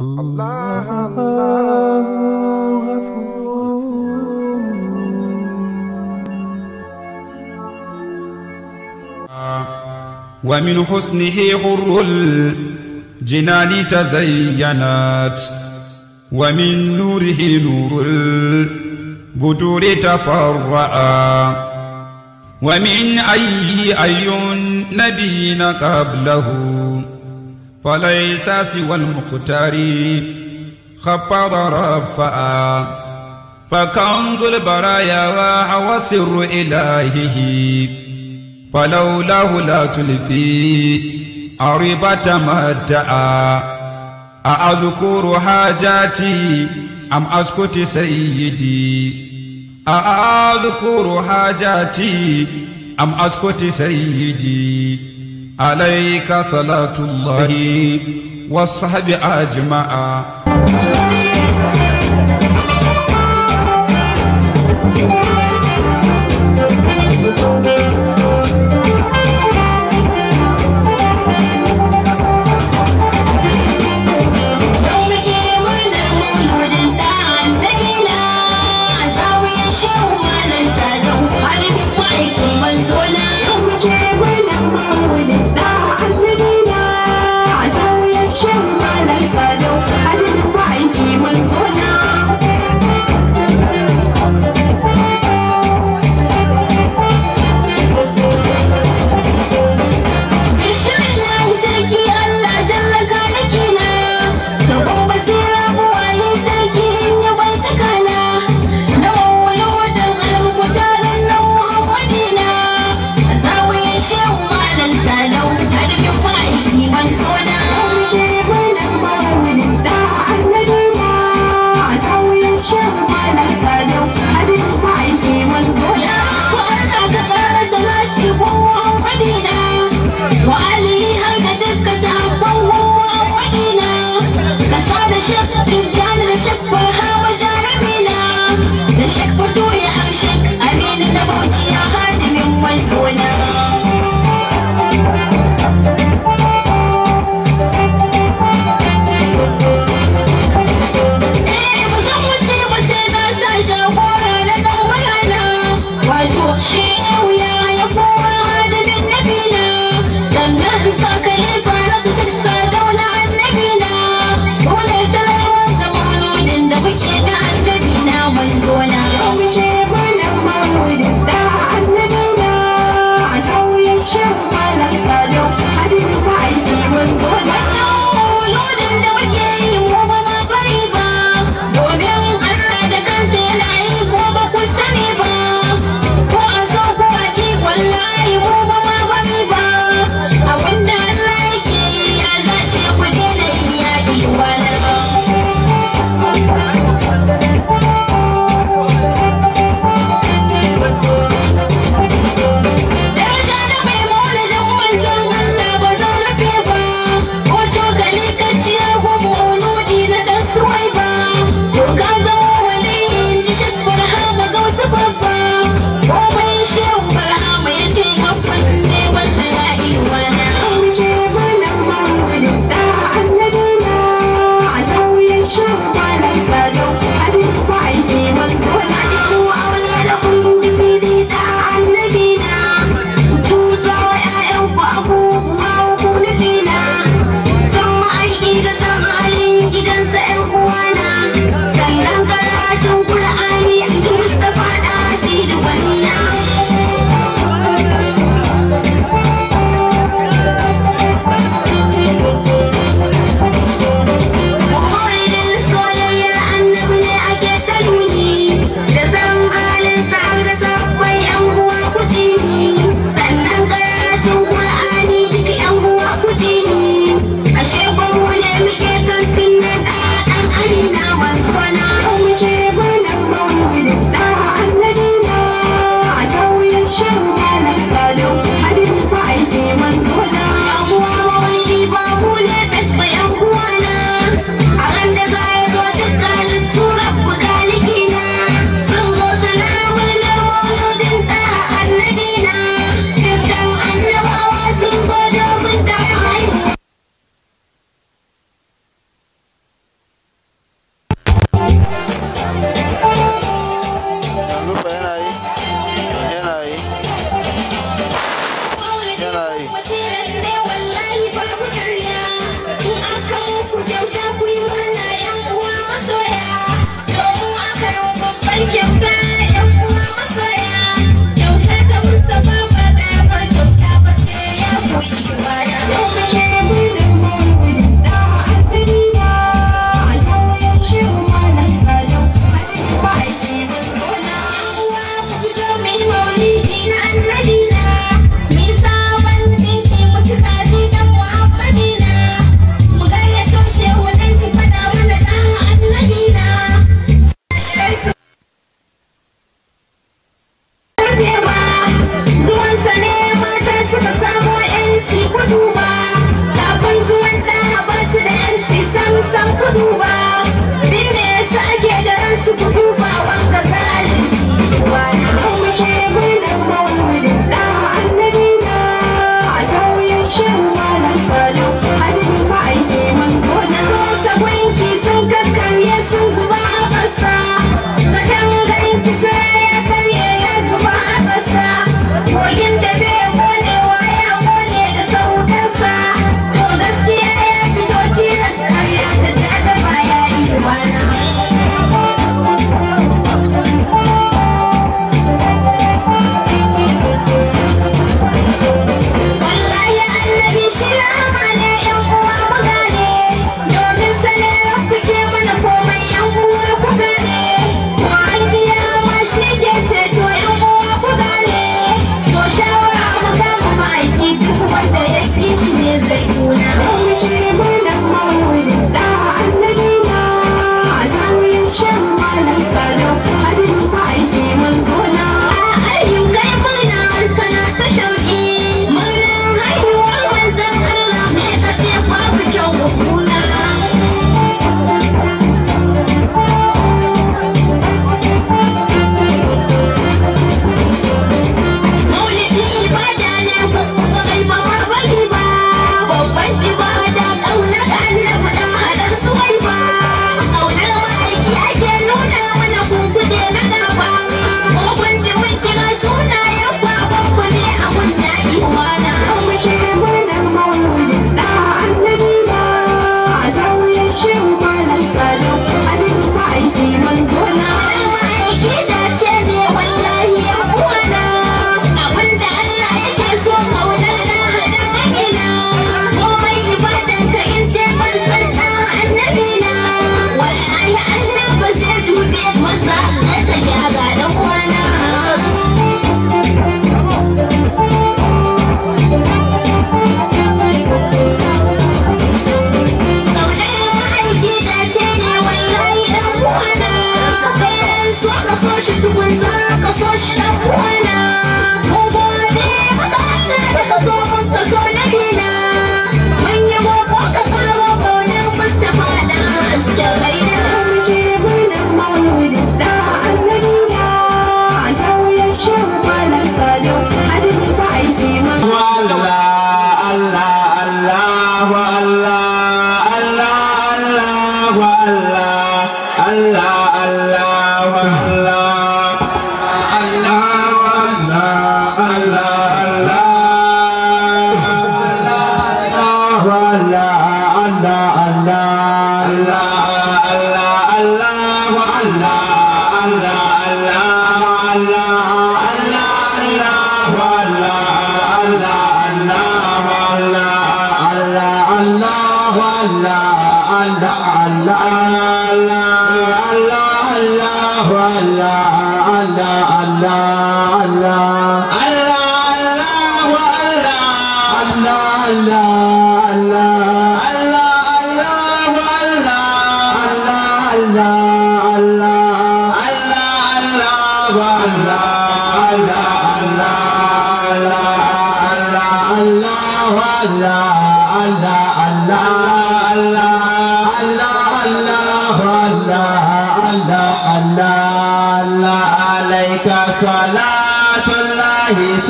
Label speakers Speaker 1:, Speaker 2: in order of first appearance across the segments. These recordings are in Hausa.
Speaker 1: الله الله غفور
Speaker 2: ومن حسنه غر الجنان تزينت ومن نوره نور البدور تفرعا ومن أي أي نبينا قبله فليس سوى المختار خفض رفعا فكنز البرايا وسر إلهه فلولاه لا تلفي ما مدعا أأذكر حاجاتي أم أسكت سيدي أأذكر حاجاتي أم أسكت سيدي عليك صلاة الله والصحب أجمع
Speaker 1: Thank you.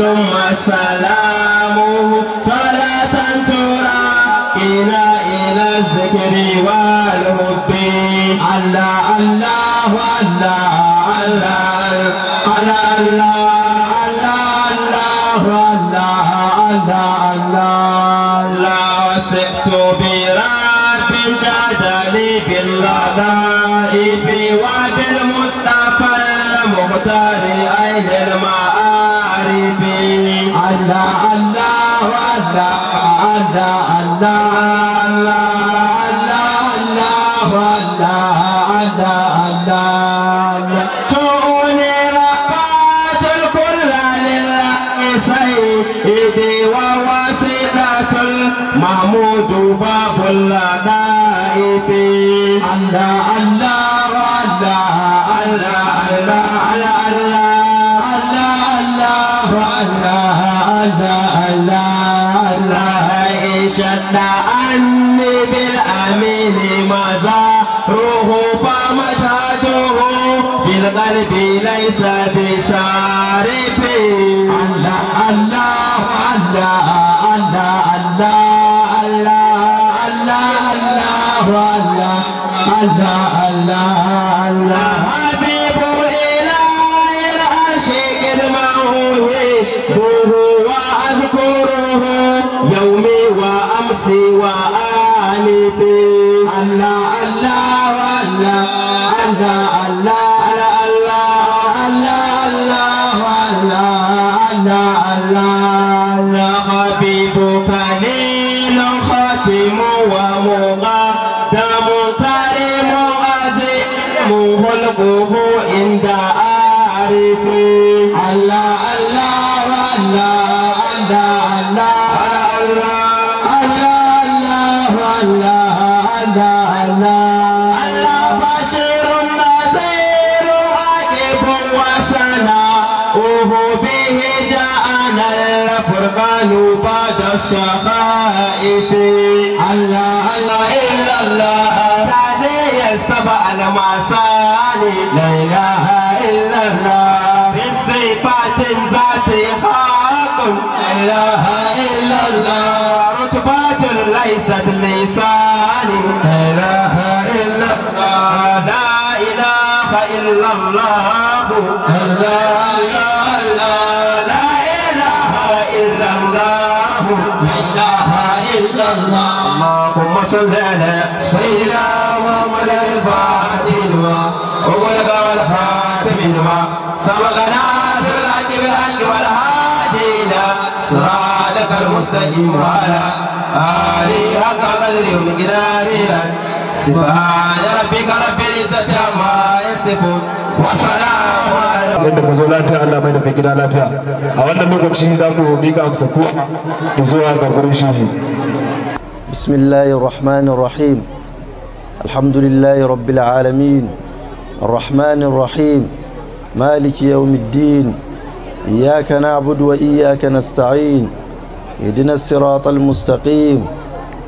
Speaker 3: on my side. دام تؤني ربات الكل للمسيد ووسيلة المحمود باب النائب الله ليس بسارب الله الله الله الله الله الله الله الله الله إله إلا الله اللهم صل على سيدنا محمد الفاتح لما أغلق والخاتم لما سبقنا سرعك بالحق والهادينا صراطك المستقيم وعلى آله حق قدر ومقدارنا سبحان ربك رب العزة عما يصفون وسلام yadda ku zo lafiya Allah mai da kai gida lafiya a wannan lokaci za ku miƙa amsa ko zuwa ga gurin
Speaker 4: shehi bismillahir rahmanir rahim alhamdulillahi rabbil alamin arrahmanir rahim maliki yawmiddin iyyaka na'budu wa iyyaka nasta'in اهدنا الصراط المستقيم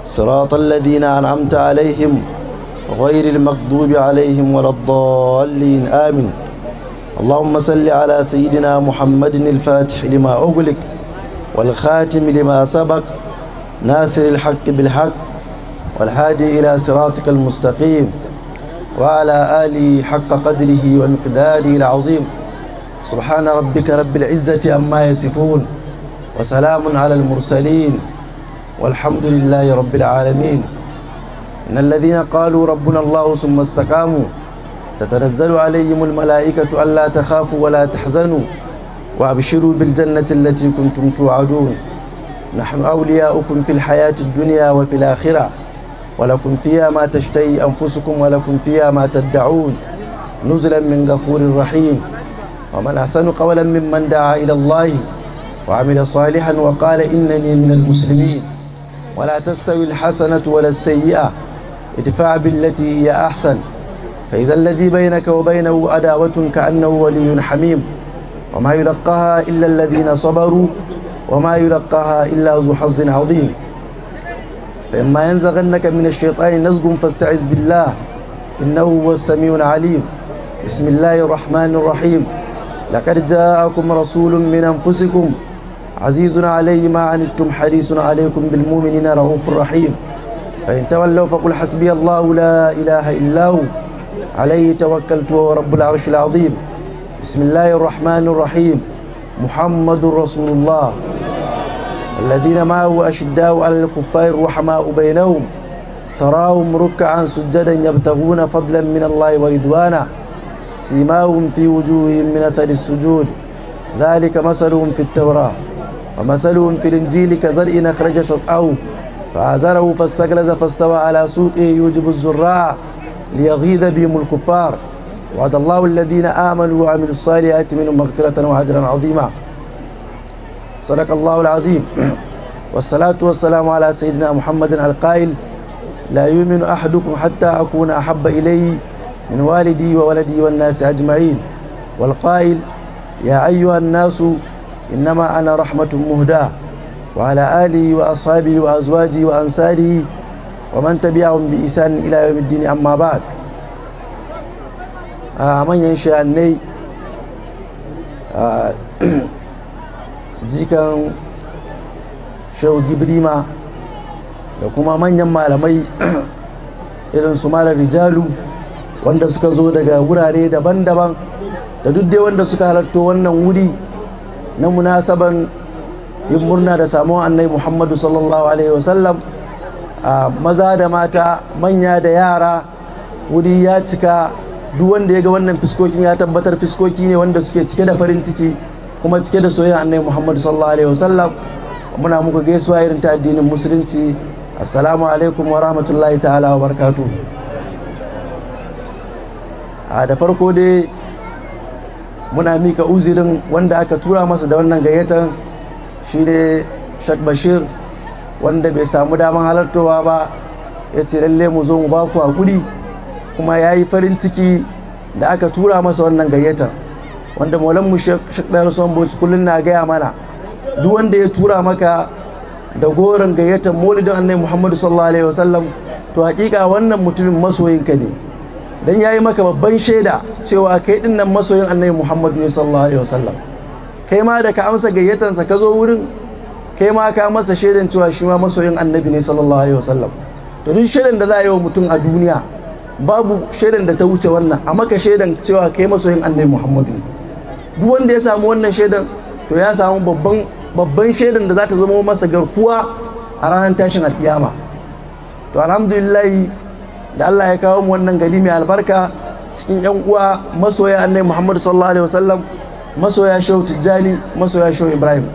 Speaker 4: صراط الذين أنعمت عليهم غير المغضوب عليهم ولا الضالين آمين اللهم صل على سيدنا محمد الفاتح لما أغلق والخاتم لما سبق ناصر الحق بالحق والهادي إلى صراطك المستقيم وعلى آله حق قدره ومقداره العظيم سبحان ربك رب العزة أما يصفون وسلام على المرسلين والحمد لله رب العالمين إن الذين قالوا ربنا الله ثم استقاموا تتنزل عليهم الملائكة ألا تخافوا ولا تحزنوا وأبشروا بالجنة التي كنتم توعدون نحن أولياؤكم في الحياة الدنيا وفي الآخرة ولكم فيها ما تشتهي أنفسكم ولكم فيها ما تدعون نزلا من غفور رحيم ومن أحسن قولا ممن دعا إلى الله وعمل صالحا وقال إنني من المسلمين ولا تستوي الحسنة ولا السيئة ادفع بالتي هي أحسن فإذا الذي بينك وبينه أداوة كأنه ولي حميم وما يلقاها إلا الذين صبروا وما يلقاها إلا ذو حظ عظيم فإما ينزغنك من الشيطان نزغ فاستعذ بالله إنه هو السميع العليم بسم الله الرحمن الرحيم لقد جاءكم رسول من أنفسكم عزيز عليه ما عنتم حريص عليكم بالمؤمنين رؤوف رحيم فإن تولوا فقل حسبي الله لا إله إلا هو عليه توكلت وهو رب العرش العظيم بسم الله الرحمن الرحيم محمد رسول الله الذين معه أشداء على الكفار رحماء بينهم تراهم ركعا سجدا يبتغون فضلا من الله ورضوانا سيماهم في وجوههم من أثر السجود ذلك مثلهم في التوراة ومثلهم في الإنجيل كزرع أخرج شرقه فعزره فاستغلز فاستوى على سوقه يوجب الزراع ليغيظ بهم الكفار وعد الله الذين آمنوا وعملوا الصالحات منهم مغفرة وأجرا عظيما صدق الله العظيم والصلاة والسلام على سيدنا محمد القائل لا يؤمن أحدكم حتى أكون أحب إليه من والدي وولدي والناس أجمعين والقائل يا أيها الناس إنما أنا رحمة مهداة وعلى آله وأصحابه وأزواجه وأنساره ومن تبعهم بإحسان إلى يوم الدين أما بعد a manyan sha'annai a jikan shehu gibrima da kuma manyan malamai irin su rijalu wanda suka zo daga wurare daban-daban da duk dai wanda suka halatto wannan wuri na munasaban yin murna da samuwa annai muhammadu sallallahu alaihi wasallam maza da mata manya da yara wuri ya cika duk wanda ya ga wannan fiskokin ya tabbatar fiskoki ne wanda suke cike da farin ciki kuma cike da soyayya annabi muhammadu sallallahu alaihi wasallam muna muku gaisuwa irin ta addinin musulunci assalamu alaikum wa rahmatullahi ta'ala wa barkatu da farko dai muna mika uzirin wanda aka tura masa da wannan gayyatan shi ne shak bashir wanda bai samu damar halartowa ba ya ce lalle mu zo mu ba ku hakuri kuma ya yi farin ciki da aka tura masa wannan gayyata wanda maulanmu rasuwan bauchi kullum na gaya mana duk wanda ya tura maka da goron gayyatar maulidin annai muhammadu sallallahu alaihi wasallam to hakika wannan mutumin masoyinka ne dan ya yi maka babban shaida cewa kai din nan masoyin annai muhammadu sallallahu alaihi wasallam kai ma da ka amsa gayyatarsa ka zo wurin kai ma ka masa shaidan cewa shi ma masoyin annabi ne sallallahu alaihi wasallam to duk shaidan da za a yi wa mutum a duniya babu shaidan da ta wuce wannan a maka shaidan cewa kai masoyin annabi muhammadu duk wanda ya samu wannan shaidan to ya samu babban babban shaidan da za ta zama masa garkuwa a ranar tashin alkiyama to alhamdulillah da Allah ya kawo mu wannan gari mai albarka cikin yan uwa masoya annabi muhammadu sallallahu alaihi wasallam masoya shehu tijjani masoya shehu ibrahim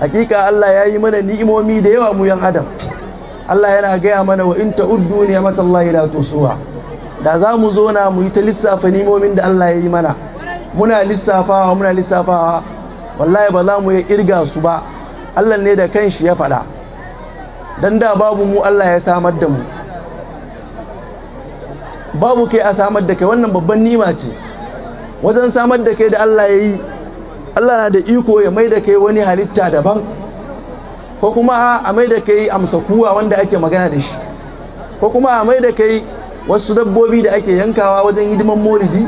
Speaker 4: hakika Allah ya yi mana ni'imomi da yawa mu yan adam Allah yana gaya mana wa in ta'uddu ni'matallahi la tusuha da za mu zo na mu yi ta lissafa ni'imomin da Allah ya yi mana muna lissafawa muna lissafawa wallahi ba za mu ya irga su ba Allah ne da kanshi ya faɗa dan da babu mu Allah ya samar da mu babu kai a samar da kai wannan babban ni'ima ce wajen samar da kai da Allah ya yi Allah na da iko ya mai da kai wani halitta daban ko kuma a mai da kai amsa kuwa wanda ake magana da shi ko kuma a mai da kai wasu dabbobi da ake yankawa wajen hidiman moridi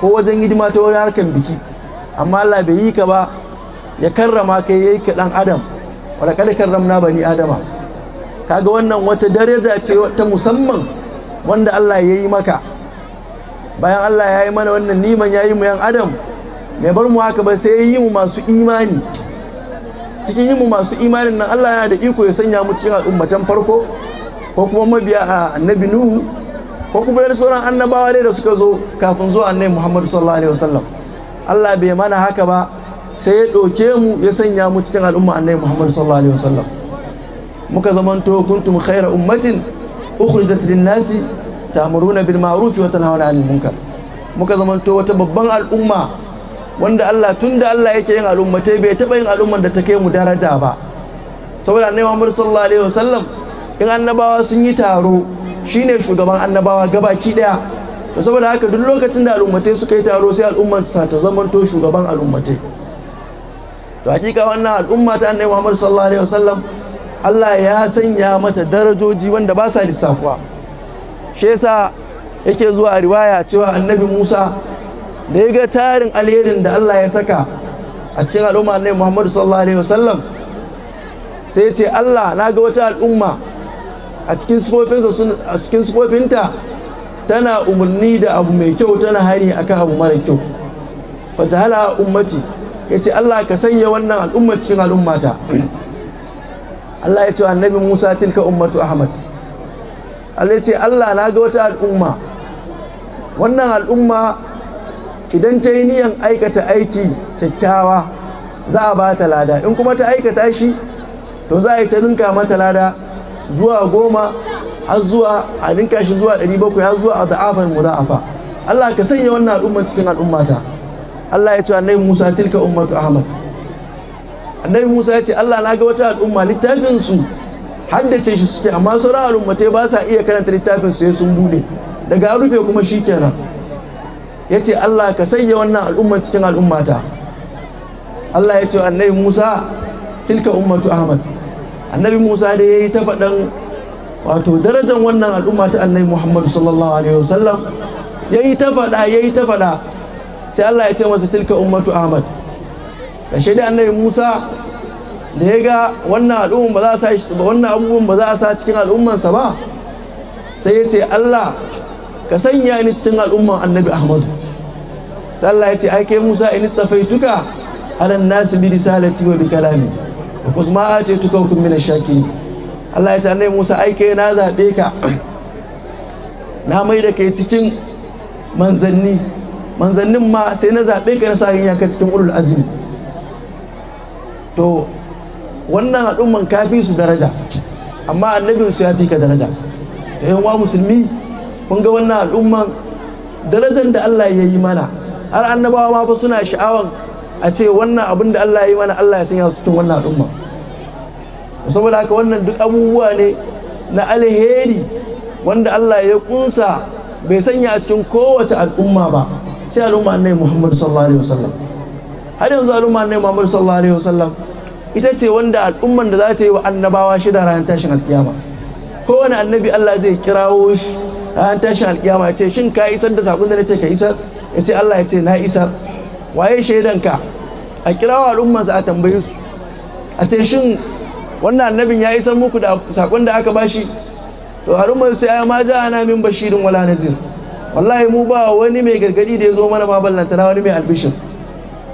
Speaker 4: ko wajen hidima ta wani harkar biki amma Allah bai yi ka ba ya karrama kai yayi ka dan adam wala kada karramna bani adama kaga wannan wata daraja ce ta musamman wanda Allah yayi maka bayan Allah ya yi mana wannan niman yayi mu yan adam mai bar mu haka ba sai yi mu masu imani cikin yi mu masu imanin nan Allah yana da iko ya sanya mu cikin al'ummatan farko ko kuma mabiya a annabi nuhu ko kuma da sauran annabawa dai da suka zo kafin zuwa annabi muhammadu sallallahu alaihi wasallam Allah bai mana haka ba sai ya ɗauke mu ya sanya mu cikin al'umma annabi muhammadu sallallahu alaihi wasallam muka zamanto kuntum khaira ummatin ukhrijat lin-nasi ta'muruna bil ma'ruf wa tanhauna 'anil munkar muka zamanto wata babban al'umma wanda Allah tun da Allah yake yin al'ummatai bai taɓa yin al'ummar da ta kai mu daraja ba saboda annabi Muhammad sallallahu alaihi wasallam in annabawa sun yi taro shine shugaban annabawa gabaki ɗaya to saboda haka duk lokacin da al'ummatai suka yi taro sai al'ummar sa ta zamanto shugaban al'ummatai to hakika wannan al'umma ta annabi Muhammad sallallahu alaihi wasallam Allah ya sanya mata darajoji wanda ba sa lissafuwa shi yasa yake zuwa riwaya cewa annabi Musa da ya ga tarin alherin da Allah ya saka a cikin al'umma annabi Muhammadu sallallahu alaihi wasallam sai ya ce Allah na ga wata al'umma a cikin sifofinsa a cikin sifofinta tana umurni da abu mai kyau tana hari akan abu mara kyau fatahala ummati yace Allah ka sanya wannan al'umma cikin al'ummata Allah ya ce annabi Musa tilka ummatu Ahmad Allah ya ce Allah na ga wata al'umma wannan al'umma idan ta yi niyan aikata aiki kyakkyawa za a ba ta lada in kuma ta aikata shi to za a yi ta ninka mata lada zuwa goma har zuwa a ninka shi zuwa ɗari bakwai har zuwa a da'afar muda'afa Allah ka sanya wannan al'umma cikin al'ummata Allah ya ce annabi Musa tilka ummatu Ahmad annabi Musa ya ce Allah na ga wata al'umma littafin su haddace shi suke amma sauran al'ummatai ba sa iya karanta littafin su sai sun bude daga rufe kuma shikenan ya ce Allah ka sanya wannan al'umman cikin al'ummata Allah ya ce annabi Musa tilka ummatu Ahmad annabi Musa da ya yi ta faɗan wato darajar wannan al'umma ta annabi Muhammad sallallahu alaihi wasallam ya yi ta faɗa ya yi ta faɗa sai Allah ya ce masa tilka ummatu Ahmad kashe da annabi Musa da ya ga wannan al'umman ba za a sa wannan abubuwan ba za a sa cikin al'ummansa ba sai ya ce Allah ka sanya ni cikin al'umman annabi Ahmad sallah ya ce aike musa in safaituka alan nasu bi risalati wa bi kalami ma a ce tuka hukum min shaki Allah ya ce annabi Musa aike na zabe ka na mai da kai cikin manzanni manzannin ma sai na zabe ka na sa yin ka cikin ulul azmi to wannan ka kafi su daraja amma annabin su ya fi ka daraja ta yan wa musulmi kun ga wannan al'umman darajar da Allah ya yi mana har annabawa ma fa suna sha'awan a ce wannan abin da Allah ya yi mana Allah ya sanya su cikin wannan al'umma saboda haka wannan duk abubuwa ne na alheri wanda Allah ya kunsa bai sanya a cikin kowace al'umma ba sai al'umma annabi Muhammad sallallahu alaihi wasallam har yanzu al'umma annabi Muhammad sallallahu alaihi wasallam ita ce wanda al'umman da za ta yi wa annabawa shida ranar tashin alkiyama kowane annabi Allah zai kirawo shi ranar tashin alkiyama ya ce shin ka isar da sabon da nace ka isar ya ce Allah ya ce na isar waye shaidanka a al'umma za a tambaye su a ce shin wannan annabin ya isar muku da sakon da aka bashi to al'umma sai ya ma ja ana min bashirin wala nazir wallahi mu ba wani mai gargadi da ya zo mana ma na wani mai albishin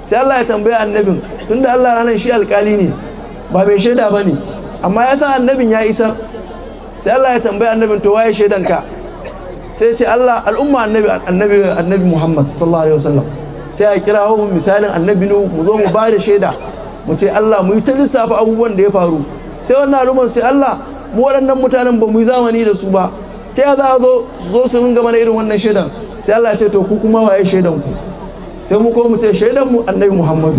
Speaker 4: sai Allah ya tambaye annabin tunda Allah ranar shi alkali ne ba mai shaida ba ne amma ya annabin ya isar sai Allah ya tambaye annabin to waye shaidanka sai ce Allah al'umma annabi annabi annabi Muhammad sallallahu alaihi wasallam sai a kira hu misalin annabi nu mu zo mu bada da shaida mu ce Allah mu yi ta lissafa abubuwan da ya faru sai wannan al'umman sai Allah mu waɗannan mutanen ba mu yi zamani da su ba ta ya za a zo su zo su ringa mana irin wannan shaidan sai Allah ya ce to ku kuma waye shaidan ku sai mu ko mu ce shaidan mu annabi Muhammadu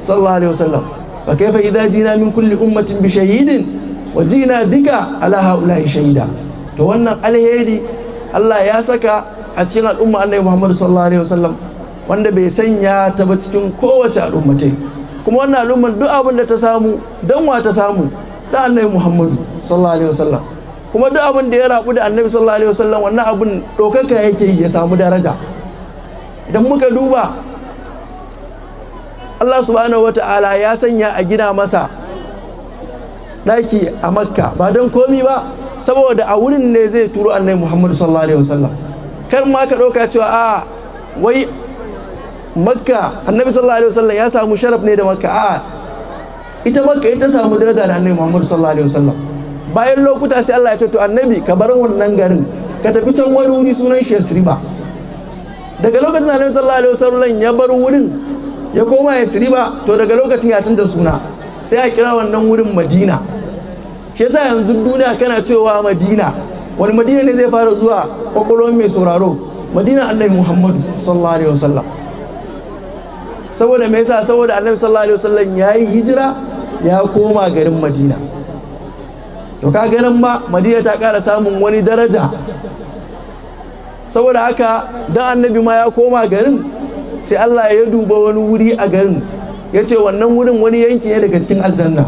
Speaker 4: sallallahu alaihi wasallam fa kaifa idza jina min kulli ummatin bi shahidin wa jina bika ala haula shahida to wannan alheri Allah ya saka a cikin al'umma annabi Muhammad sallallahu alaihi wasallam wanda bai sanya ta ba cikin kowace al'umma ta kuma wannan al'umma duk abin da ta samu dan wa ta samu da annabi Muhammad sallallahu alaihi wasallam kuma duk abin da ya rabu da annabi sallallahu alaihi wasallam wannan abin ka yake yi ya samu daraja idan muka duba Allah subhanahu wata'ala ya sanya a gina masa ɗaki a makka ba don komi ba saboda a wurin ne zai turo annai muhammadu sallallahu alaihi wasallam kar ma ka ɗauka cewa a wai makka annabi sallallahu alaihi wasallam ya samu sharaf ne da makka a ita makka ita samu daraja da annabi muhammadu sallallahu alaihi wasallam bayan lokuta sai Allah ya ce to annabi ka bar wannan garin ka tafi can wani wuri sunan shi yasriba daga lokacin annabi sallallahu alaihi wasallam ya bar wurin ya koma yasriba to daga lokacin ya canza suna sai a kira wannan wurin madina shi yasa yanzu duniya kana cewa madina wani madina ne zai fara zuwa kwakwalwar mai sauraro madina annabi muhammadu sallallahu alaihi wasallam saboda me yasa saboda annabi sallallahu alaihi wasallam ya yi hijira ya koma garin madina to ka ganin ma madina ta kara samun wani daraja saboda haka dan annabi ma ya koma garin sai allah ya duba wani wuri a garin ya ce wannan wurin wani yanki ne daga cikin aljanna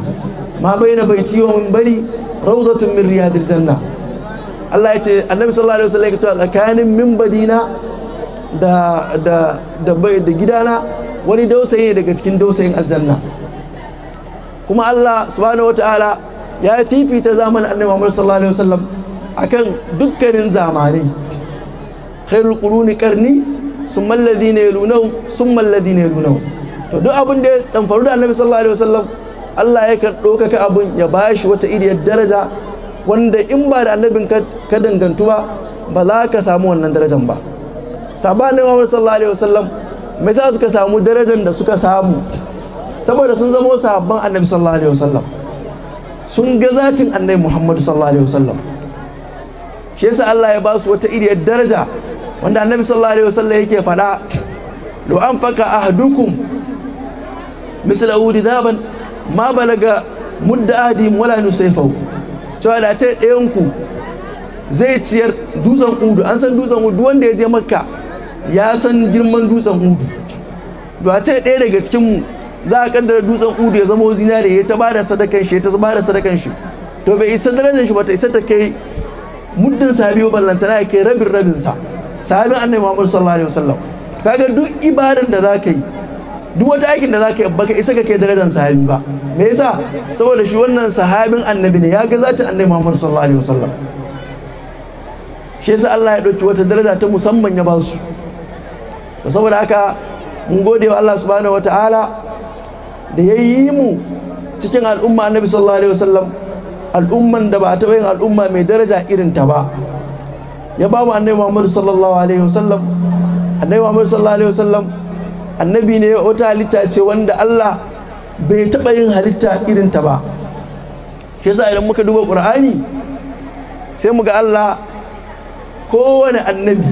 Speaker 4: ma baina baiti wa bari rawdatun min riyadil janna Allah ya ce annabi sallallahu alaihi wasallam ya ce tsakanin minbarina da da bai da gidana wani dausayi ne daga cikin dausayin aljanna kuma Allah subhanahu wataala ya fifita zamanin annabi Muhammad sallallahu alaihi wasallam akan dukkanin zamanai khairul quruni qarni summa alladhina yalunahum summa alladhina yalunahum to duk abin da ya dan faru da annabi sallallahu alaihi wasallam Allah yakan ɗaukaka abin ya bashi wata iriyar daraja wanda in ba da annabin ka dangantu ba ba za ka samu wannan darajan ba sabanin Muhammad sallallahu alaihi wasallam me yasa suka samu darajan da suka samu saboda sun zama sahabban annabi sallallahu alaihi wasallam sun ga zatin annabi Muhammadu sallallahu alaihi wasallam shi yasa Allah ya ba su wata iriyar daraja wanda annabi sallallahu alaihi wasallam yake faɗa lo an faka ahdukum misla uhudu daban ma balaga mudda ahadihim wala nusayfahu cewa da ce ɗayan ku zai ciyar dutsen udu an san dutsen udu wanda ya je makka ya san girman dutsen udu da ce ɗaya daga cikin mu za a kaddara dutsen udu ya zama da ya ta ba da sadakan shi ya ta ba da sadakan shi to bai isa darajar shi ba ta isa ta kai muddin sahabi ba ballanta ya kai rabin rabin sa sahabin annabi Muhammad sallallahu alaihi wasallam kaga duk ibadan da za ka yi duk wata aikin da za ka baka isa ga ke darajar sahabi ba me yasa saboda shi wannan sahabin annabi ne ya ga zatin annabi Muhammad sallallahu alaihi wasallam shi yasa Allah ya dauki wata daraja ta musamman ya ba su saboda haka mun gode wa Allah subhanahu wataala da ya yi mu cikin al'umma annabi sallallahu alaihi wasallam al'umman da ba ta yin al'umma mai daraja irin ta ba ya ba mu annabi Muhammad sallallahu alaihi wasallam annabi Muhammad sallallahu alaihi wasallam annabi ne wata halitta ce wanda Allah bai taɓa yin halitta irin ta ba shi yasa idan muka duba ƙur'ani sai mu ga Allah kowane annabi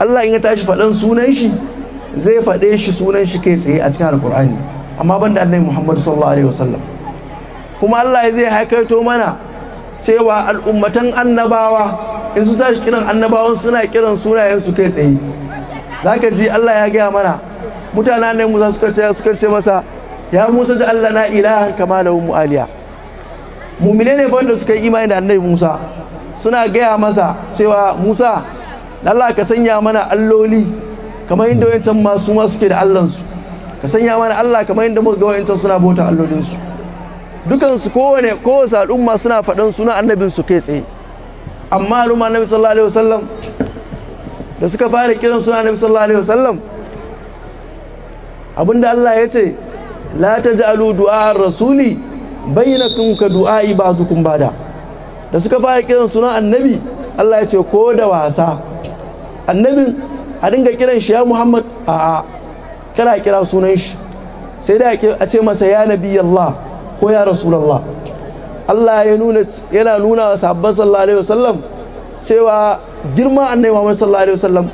Speaker 4: Allah in ya tashi faɗan sunan shi zai faɗe shi sunan shi kai tsaye a cikin alƙur'ani amma ban da annabi Muhammad sallallahu alaihi wasallam kuma Allah zai haikaito mana cewa al'ummatan annabawa in su tashi kiran annabawan suna kiran sunayen su kai tsaye zaka ji Allah ya gaya mana mutanen ne musa suka ce suka ce masa ya musa da allah na ilahan kama da mu aliya mumine ne fa suka yi imani da annabi musa suna gaya masa cewa musa allah ka sanya mana alloli kamar yadda wayancan masu ma suke da allansu ka sanya mana allah kamar yadda muka ga wayancan suna bauta allolinsu dukansu kowane kowace al'umma suna faɗan suna su kai tsaye amma al'umma annabi sallallahu alaihi wasallam da suka fara kiran suna annabi sallallahu alaihi wasallam abinda Allah ya ce la alu du'a rasuli bainakum ka du'a ibadukum bada da suka fara kiran suna annabi Allah ya ce ko da wasa annabin a dinga kiran shi ya Muhammad a a kana kira sunan shi sai da a ce masa ya nabi Allah ko ya rasulallah Allah ya nuna yana nuna wa sahabban sallallahu alaihi wasallam cewa girma annabi Muhammad sallallahu alaihi wasallam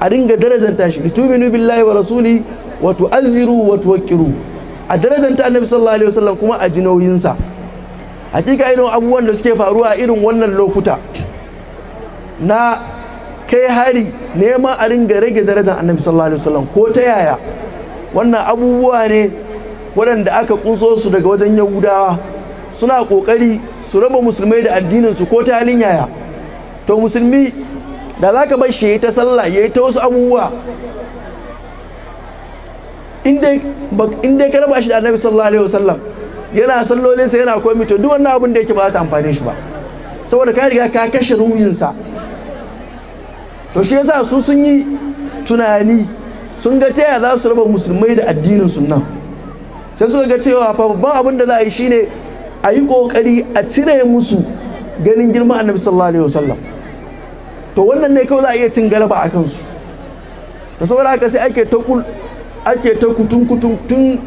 Speaker 4: a dinga darajanta shi litu'minu billahi wa rasuli watu aziru watu wakiru a ta annabi sallallahu alaihi wasallam kuma a ji nauyinsa hakika irin abubuwan da suke faruwa a irin wannan lokuta na kai hari neman a ringa rage darajar annabi sallallahu alaihi wasallam ko ta yaya wannan abubuwa ne waɗanda aka kunso su daga wajen yahudawa suna kokari su raba musulmai da addinin su ko ta halin yaya to musulmi da za ka bar shi ta sallah ya ta wasu abubuwa in inda ka raba shi da annabi sallallahu alaihi wasallam yana sallolin yana komai to duk wannan abin da yake ba ta amfane shi ba saboda ka riga ka kashe ruhin sa to shi yasa su sun yi tunani sun ga ta za su raba musulmai da addinin sunna sai suka ga cewa fa babban abin da za a yi shine a yi kokari a cire musu ganin girman annabi sallallahu alaihi wasallam to wannan ne kawai za a iya cin galaba a kansu da saboda haka sai ake ta ake ta kutun kutun tun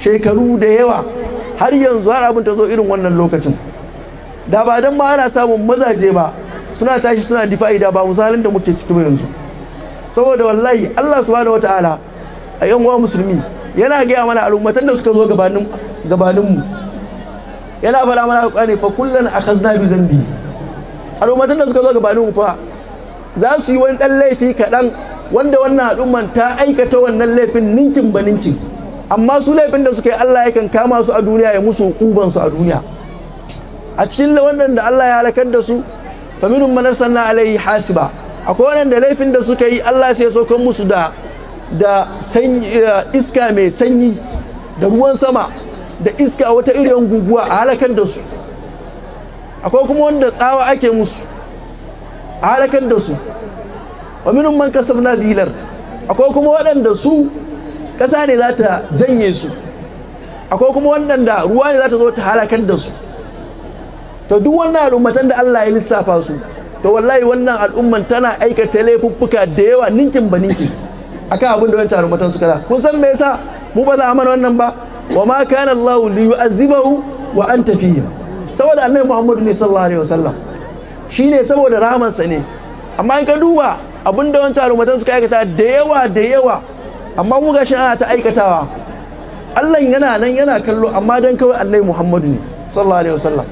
Speaker 4: shekaru da yawa har yanzu har abin ta zo irin wannan lokacin da ba dan ba ana samun mazaje ba suna tashi suna difa'i da ba misalin da muke ciki ba yanzu saboda wallahi Allah subhanahu wataala a yan uwa musulmi yana gaya mana al'ummatan da suka zo gabanin gabaninmu yana fara mana alƙwani fa kullun akhazna bi zambi al'ummatan da suka zo gabaninmu fa za su yi wani dan laifi kaɗan wanda wannan al'umman ta aikata wannan laifin ninkin ba ninkin amma su laifin da suka yi Allah yakan kama su a duniya ya musu hukuban su a duniya a cikin wannan da Allah ya halakar da su fa minhum man arsalna alaihi hasiba akwai wannan laifin da suka yi Allah sai ya sauko musu da da eh, iska mai sanyi da ruwan sama da iska wata irin guguwa a halakar da su akwai kuma wanda tsawa ake musu a halakar da su wa minhum man kasabna dilar akwai kuma waɗanda su ƙasa ne za ta janye su akwai kuma waɗanda ruwa ne za ta zo ta halakar da su to duk wannan al'ummatan da Allah ya lissafa su to wallahi wannan al'umman tana aikata laifuffuka da yawa ninkin ba ninki akan abin da wancan al'ummatan suka da kun san me yasa mu ba za a mana wannan ba wa ma kana Allah li yu'azzibahu wa anta fihi saboda annabi Muhammad ne sallallahu alaihi wasallam shine saboda rahamansa ne amma in ka duba abin da wancan rumatan suka aikata da yawa da yawa amma mu gashi ana ta aikatawa Allah yana nan yana kallo amma dan kawai Allah Muhammadu ne sallallahu alaihi wasallam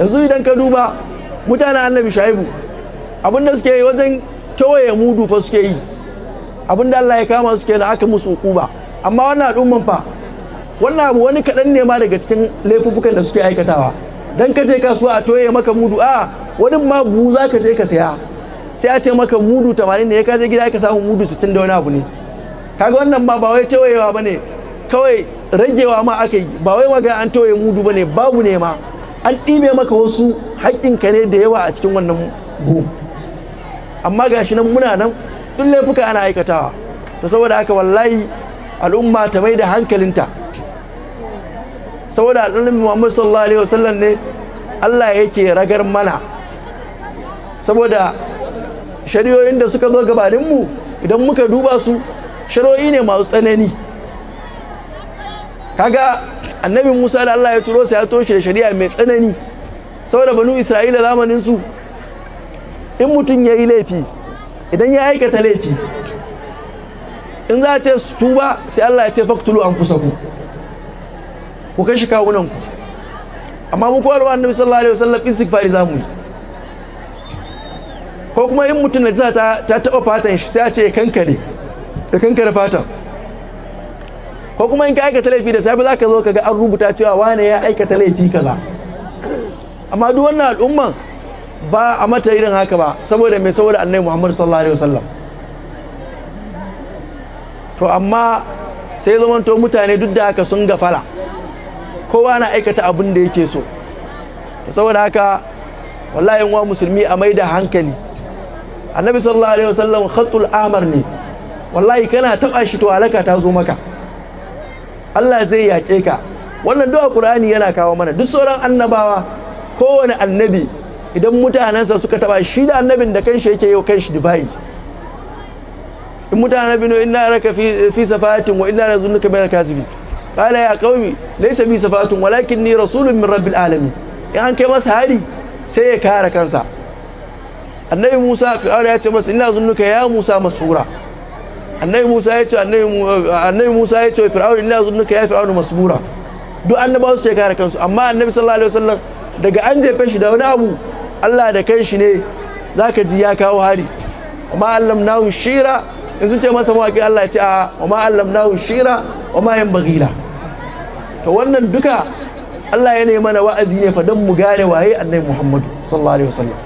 Speaker 4: yanzu idan ka duba mutanen Annabi Shaibu abin da suke yi wajen tawaye mudu fa suke yi abin da Allah ya kama suke da aka musu kuba amma wannan al'umman fa wannan abu wani kaɗan ne ma daga cikin laifuffukan da suke aikatawa dan ka je kasuwa a toye maka mudu a wani ma buza ka je ka saya sai a ce maka mudu 80 ne ka je gida ka samu mudu 60 da wani abu ne kaga wannan ma ba wai tawayewa bane kawai ragewa ma aka yi ba wai maga an tawaye mudu bane babu ne ma an ɗime maka wasu ka ne da yawa a cikin wannan buhu amma gashi nan muna nan duk laifuka ana aikatawa to saboda haka wallahi al'umma ta mai da hankalinta saboda annabi Muhammad sallallahu alaihi wasallam ne Allah yake ragar mana saboda shari'o'in da suka zo gabanin mu idan muka duba su shari'o'i ne masu tsanani kaga annabi Musa da Allah ya turo sa ya toshe da shari'a mai tsanani saboda banu Isra'ila zamanin su in mutum ya yi laifi idan ya aikata laifi in za a ce su tuba sai Allah ya ce faktulu an fusa ku ku kashi kawunan ku amma mu koyarwa annabi sallallahu alaihi wasallam istighfari zamu yi ko kuma in mutum da ta ta taba fatan shi sai a ce kankare ta kankare fatan ko kuma in ka aikata laifi da safe ka zo kaga an rubuta cewa wane ya aikata laifi kaza amma duk wannan al'umman ba a mata irin haka ba saboda mai saboda annabi Muhammad sallallahu alaihi wasallam to amma sai zamanto mutane duk da haka sun gafala kowa na aikata abin da yake so saboda haka wallahi wa musulmi a mai da hankali annabi sallallahu alaihi wasallam khatul amar ne wallahi kana taba shi to alaka ta zo maka Allah zai yaƙe ka wannan du'a Qur'ani yana kawo mana duk sauran annabawa kowane annabi idan mutanensa suka taba shi da annabin da kanshi yake yau kanshi dubai in mutanen bino inna raka fi safatin wa inna razunuka bil al-kazibin qala ya qaumi laysa bi safatun walakinni rasulun min rabbil alamin in an kai masa hari sai ya kare kansa annabi Musa fir'auna ya ce masa ina zunnuka ya Musa masura annabi Musa ya Musa ya ce fir'auna ina zunnuka ya fir'auna masbura duk annabawa su ke kare kansu amma annabi sallallahu alaihi daga an jefe shi da wani abu Allah da shi ne zaka ji ya kawo hari amma allamnahu shira in sun ce masa mawaƙi Allah ya ce a wa ma na shira wa ma bagila to wannan duka Allah ya ne mana wa'azi ne fa dan mu gane waye annabi Muhammadu sallallahu alaihi wasallam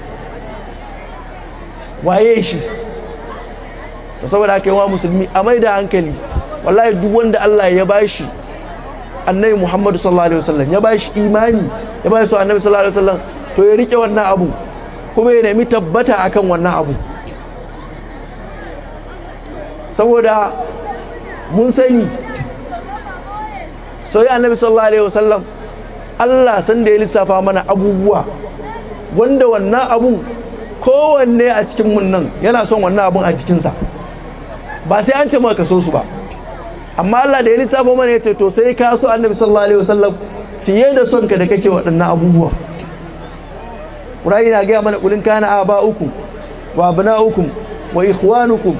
Speaker 4: waye shi to saboda haka yawa musulmi a mai da hankali wallahi duk wanda Allah ya bashi annabi Muhammadu sallallahu alaihi wasallam ya bashi imani ya bashi su annabi sallallahu alaihi wasallam to ya rike wannan abu kuma ya nemi tabbata akan wannan abu saboda mun sani soyi annabi sallallahu alaihi wasallam Allah san da ya lissafa mana abubuwa wanda wannan abun kowanne a cikin mun nan yana son wannan abun a jikinsa ba sai an ce maka su ba amma Allah da ya lissafa mana ya ce to sai ka so annabi sallallahu alaihi wasallam fiye da son ka da kake waɗannan abubuwa Qur'ani na gaya mana kulin kana aba uku wa abna uku wa ikhwanukum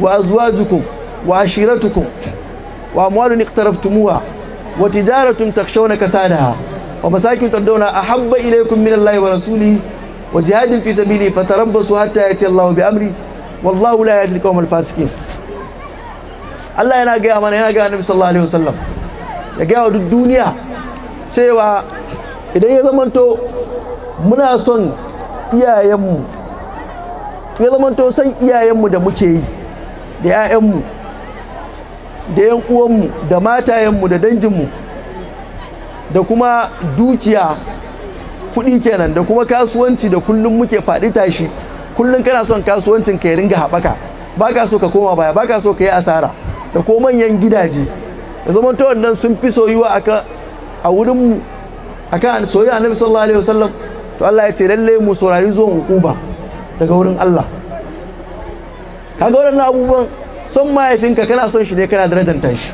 Speaker 4: وأزواجكم وعشيرتكم وأموال اقترفتموها وتجارة تخشون كسادها ومساكن تردون أحب إليكم من الله ورسوله وجهاد في سبيله فتربصوا حتى يأتي الله بأمري والله لا يهدي القوم الفاسقين الله yana gaya mana yana gaya Annabi sallallahu alaihi wasallam ya gaya wa duk duniya cewa idan ya zamanto muna son iyayenmu ya zamanto son iyayenmu da muke yi da 'ya'yanmu da 'yan uwanmu da matayenmu da danginmu da kuma dukiya kuɗi kenan da kuma kasuwanci da kullum muke faɗi tashi kullum kana son kasuwancin ka ya ringa haɓaka ba ka so ka koma baya ba ka so ka yi asara da ko manyan gidaje da zaman ta wannan sun fi soyuwa a wurinmu a kan soyuwa na sallallahu alaihi wasallam to Allah ya ce lallai mu saurari zuwan hukuma daga wurin Allah kaga waɗannan abubuwan son mahaifinka kana son shi ne kana darajanta shi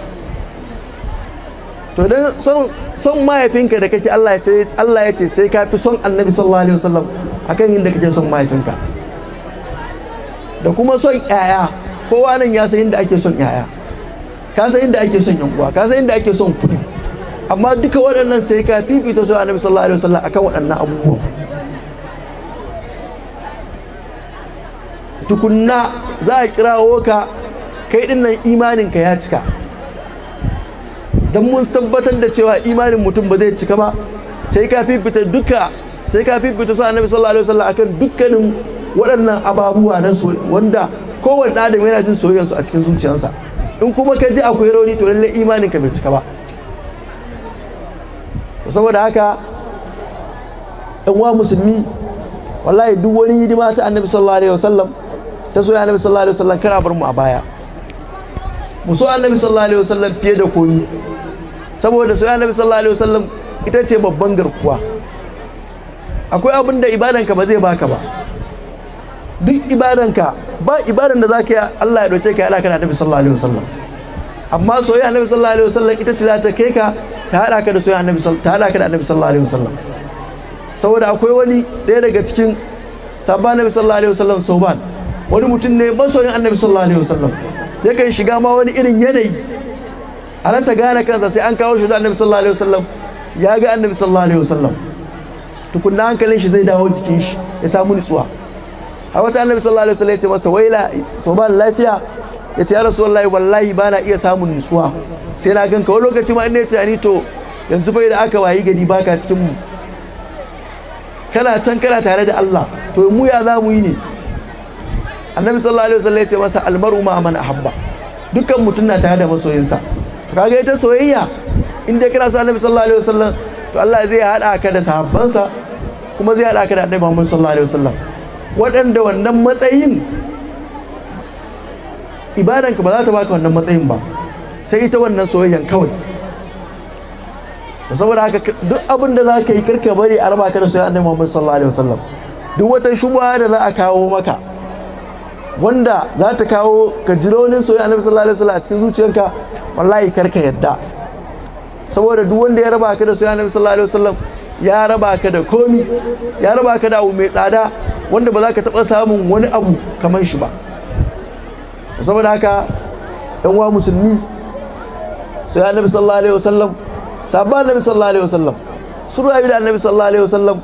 Speaker 4: to dan son son mahaifinka da kake Allah sai Allah ya ce sai ka fi son Annabi sallallahu alaihi wasallam akan inda kake son mahaifinka da kuma son yaya kowa nan ya san inda ake son yaya ka san inda ake son yan uwa ka san inda ake son kudi amma duka waɗannan sai ka fifita su Annabi sallallahu alaihi wasallam akan waɗannan abubuwan tukunna za a kirawo ka kai din nan imanin ka ya cika don mun tabbatar da cewa imanin mutum ba zai cika ba sai ka fifita duka sai ka fifita sa annabi sallallahu alaihi wasallam akan dukkanin waɗannan ababuwa na wanda kowanne adam yana jin soyayyarsu a cikin zuciyarsa in kuma ka ji akwai rauni to lallai imanin ka bai cika ba saboda haka ɗan wa musulmi wallahi duk wani hidima ta annabi sallallahu alaihi wasallam ta so annabi sallallahu alaihi wasallam kana bar mu a baya mu so annabi sallallahu alaihi wasallam fiye da komi saboda so annabi sallallahu alaihi wasallam ita ce babban garkuwa akwai abin da ibadanka ba zai baka ba duk ibadanka ba ibadan da zaka yi Allah ya dauke ka ya alaka da annabi sallallahu alaihi wasallam amma soyayya annabi sallallahu alaihi wasallam ita ce za ta kai ka ta hada ka da soyayya annabi ta hada ka da annabi sallallahu alaihi wasallam saboda akwai wani daya daga cikin sabon annabi sallallahu alaihi wasallam soban wani mutum ne masoyin annabi sallallahu alaihi wasallam yakan shiga ma wani irin yanayi a rasa gane kansa sai an kawo shi da annabi sallallahu alaihi wasallam ya ga annabi sallallahu alaihi wasallam tukunna hankalin shi zai dawo jikin shi ya samu nutsuwa a wata annabi sallallahu alaihi wasallam ya ce masa waila soban lafiya ya ce ya rasulullahi wallahi ba na iya samun nutsuwa sai na ganka wani lokaci ma inda ya ce ani to yanzu bai da aka wayi gari baka cikin mu kana can kana tare da Allah to mu ya za mu yi ne annabi sallallahu alaihi wasallam ya ce masa almaru ma man ahabba dukkan mutum na tare da masoyinsa to kaga ita soyayya in dai kana son annabi sallallahu alaihi wasallam to Allah zai hada ka da sahabbansa kuma zai hada ka da annabi Muhammad sallallahu alaihi wasallam waɗanda wannan matsayin ibadanka ba za ta baka wannan matsayin ba sai ita wannan soyayyan kawai saboda haka duk abin da za ka yi karka bari a raba ka da soyayya annabi Muhammad sallallahu alaihi wasallam duk wata shubha da za a kawo maka wanda za ta kawo ka ji raunin soyayya annabi sallallahu alaihi wasallam a cikin zuciyarka wallahi kar ka yadda saboda duk wanda ya raba ka da soyayya annabi sallallahu alaihi wasallam ya raba ka da komi ya raba ka da abu mai tsada wanda ba za ka taɓa samun wani abu kamar shi ba saboda haka ɗan uwa musulmi soyayya annabi sallallahu alaihi wasallam sabba annabi sallallahu alaihi wasallam sun rayu da annabi sallallahu alaihi wasallam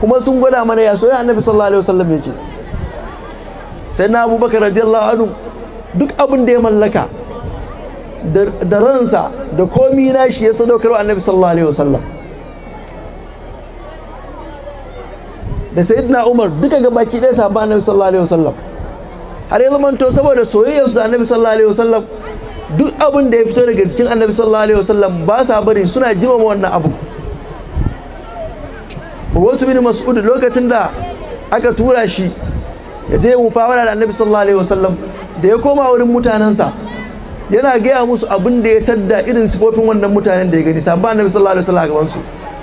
Speaker 4: kuma sun gwada mana ya soyayya annabi sallallahu alaihi wasallam yake sai na abubakar radiyallahu anhu duk abin da ya mallaka da ransa da komi na shi ya sadaukar wa annabi sallallahu alaihi wasallam da sayyidina umar duka ga baki ɗaya sahabba annabi sallallahu alaihi wasallam har ya lamanto saboda soyayyarsu da annabi sallallahu alaihi wasallam duk abin da ya fito daga cikin annabi sallallahu alaihi wasallam ba sa bari suna girmama wannan abu wato bin Mas'ud lokacin da aka tura shi ya je fawara da annabi sallallahu alaihi wasallam da ya koma wurin mutanensa yana gaya musu abin da ya tadda irin sifofin wannan mutanen da ya gani sabbin annabi sallallahu alaihi wasallam gaban su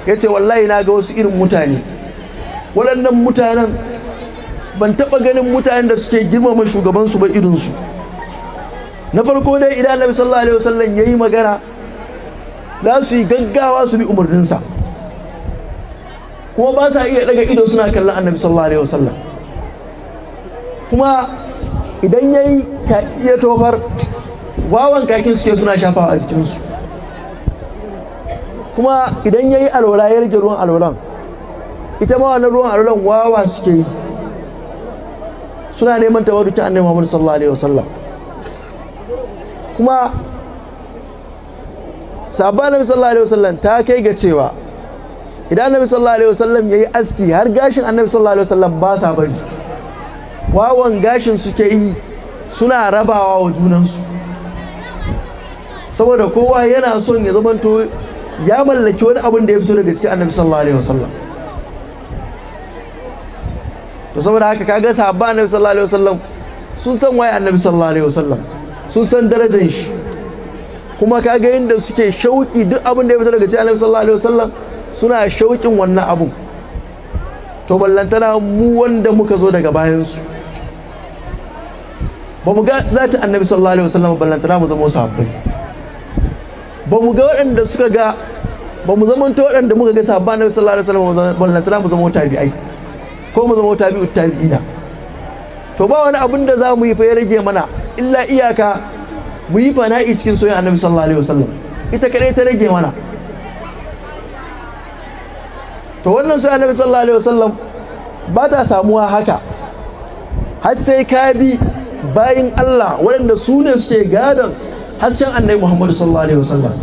Speaker 4: ya ce wallahi na ga wasu irin mutane waɗannan mutanen ban taɓa ganin mutanen da suke girmama shugabansu ba irinsu na farko dai idan annabi sallallahu alaihi wasallam ya yi magana za su yi gaggawa su bi umarninsa kuma ba sa iya daga ido suna kallon annabi sallallahu alaihi wasallam kuma idan ya yi ta iya tofar wawan kakin suke suna shafawa a jikinsu kuma idan ya yi alwala ya rage ruwan alwalan ita ma wannan ruwan alwalan wawa suke yi suna neman tawar ta annai Muhammad sallallahu alaihi wasallam kuma sabbin annabi sallallahu alaihi wasallam ta kai ga cewa idan annabi sallallahu alaihi wasallam yayi aski har gashin annabi sallallahu alaihi wasallam ba sa bari wawan gashin suke yi suna rabawa wa junansu saboda kowa yana son ya zamanto ya mallaki wani abin da ya fito daga cikin annabi sallallahu alaihi wasallam to saboda haka kaga sahabba annabi sallallahu alaihi wasallam sun san waye annabi sallallahu alaihi wasallam sun san darajar shi kuma kaga inda suke shauki duk abin da ya fito daga cikin annabi sallallahu alaihi wasallam suna shauƙin wannan abun to ballantana mu wanda muka zo daga bayansu ba mu ga zata annabi sallallahu alaihi wasallam ballantana mu zama sahabbai ba mu ga waɗanda suka ga ba mu zama ta waɗanda muka ga sahabban annabi sallallahu alaihi wasallam ballantana mu zama tabi'ai ko mu zama tabi'u tabi'ina to ba wani abin da za mu yi fa ya rage mana illa iyaka mu yi fana'i cikin soyayya annabi sallallahu alaihi wasallam ita kadai ta rage mana to wannan soyayya annabi sallallahu alaihi wasallam ba ta samuwa haka har sai ka bi bayin Allah waɗanda su ne suke gadon hasken annai Muhammadu sallallahu alaihi wasallam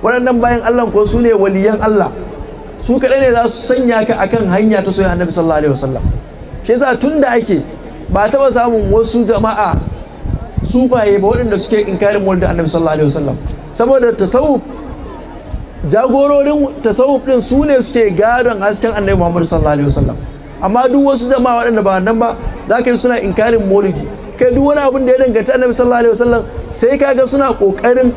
Speaker 4: waɗannan bayan Allah ko su ne waliyan Allah su kaɗai ne za su sanya ka akan hanya ta soyayya annabi sallallahu alaihi wasallam shi yasa tun da ake ba taɓa samun wasu jama'a sufaye ba waɗanda suke inkarin wanda annabi sallallahu alaihi wasallam saboda tasawuf jagororin tasawuf ɗin su ne suke gadon hasken annabi Muhammadu sallallahu alaihi wasallam amma duk wasu jama'a waɗanda ba nan ba za ka suna inkarin maulidi kai duk wani abin da ya danganci annabi sallallahu alaihi wasallam sai kaga suna kokarin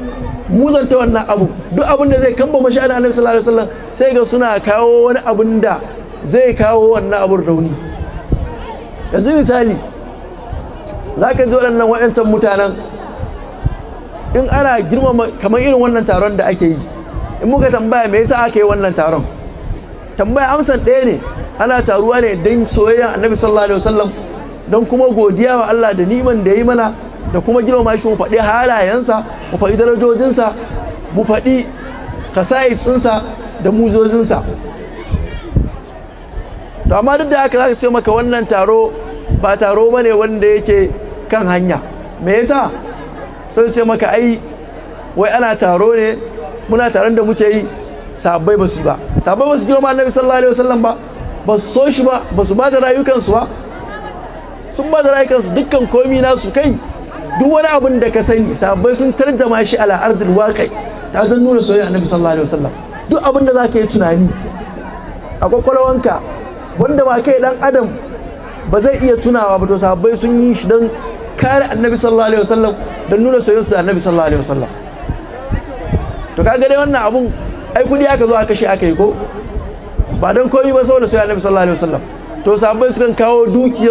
Speaker 4: muzanta wannan abu duk abin da zai kamba mashi annabi sallallahu alaihi wasallam sai ga suna kawo wani abin da zai kawo wannan abu rauni yanzu misali za ka ji waɗannan waɗancan mutanen in ana girmama kamar irin wannan taron da ake yi in muka tambaya me yasa aka yi wannan taron tambaya amsan ɗaya ne ana taruwa ne don soyayya annabi sallallahu alaihi wasallam don kuma godiya wa Allah da niman da yi mana da kuma girma shi mu faɗi halayensa mu faɗi darajojinsa mu faɗi kasa'isinsa da muzozinsa to amma duk da haka za ka ce maka wannan taro ba taro ba ne wanda yake kan hanya me yasa sai sai maka ai wai ana taro ne muna taron da muke yi sabai ba su ba sabai ba su girma annabi sallallahu alaihi wasallam ba ba su so shi ba ba su ba da rayukansu ba sun ba da rayukansu dukkan komi nasu kai duk wani abin da ka sani sabai sun tarjama shi ala ardil waƙai ta zan nuna soyayya annabi sallallahu alaihi wasallam duk abin da zaka yi tunani a kwakwalwanka wanda ba kai dan adam ba zai iya tunawa ba to sabai sun yi shi dan kare annabi sallallahu alaihi wasallam dan nuna soyayyarsu da annabi sallallahu alaihi wasallam to kaga dai wannan abun ai kudi aka zo aka kashe aka yi ko ba don koyi ba saboda soyayya annabi sallallahu alaihi wasallam to sahabbai kan kawo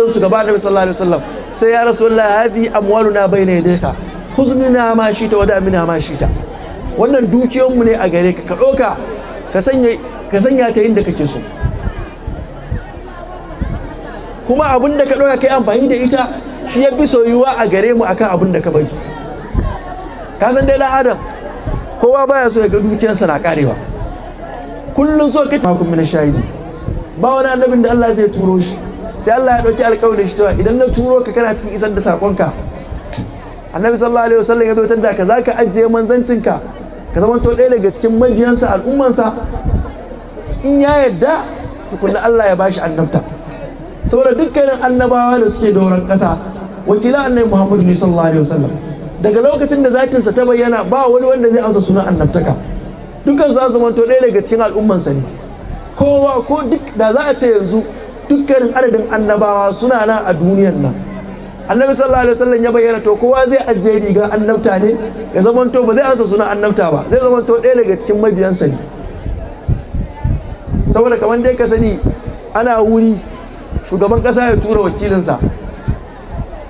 Speaker 4: su gaba annabi sallallahu alaihi wasallam sai ya rasulullahi hadi amwaluna bayna yadayka huzmina ma shita wa damina ma shita wannan mu ne a gare ka ka doka ka sanya ta inda kake so kuma abin da ka ɗauka kai amfani da ita shi ya fi soyuwa a gare mu akan abin da ka bari ka san dai adam kowa baya so ya ga dukiyarsa na karewa kullum so kake ma kuma shahidi ba wani annabin da Allah zai turo shi sai Allah ya dauki alƙawarin shi cewa idan na turo ka kana cikin isar da sakonka annabi sallallahu alaihi wasallam ya zo tanda ka zaka ajiye manzancinka ka zama to ɗaya daga cikin mabiyansa al'ummansa in ya yadda tukunna Allah ya bashi annabta saboda dukkanin annabawa da suke doron ƙasa wakilan annabi Muhammad ne sallallahu alaihi wasallam daga lokacin da zatinsa ta bayyana ba wani wanda zai amsa sunan annabtaka dukkan za su zamanto ɗaya daga cikin al'ummansa ne kowa ko duk da za a ce yanzu dukkanin adadin annabawa suna nan a duniyar nan annabi sallallahu alaihi wasallam ya bayyana to kowa zai ajiye riga annabta ne ya zamanto ba zai ansa suna annabta ba zai zamanto ɗaya daga cikin mabiyansa ne saboda kamar dai ka sani ana wuri shugaban kasa ya tura wakilinsa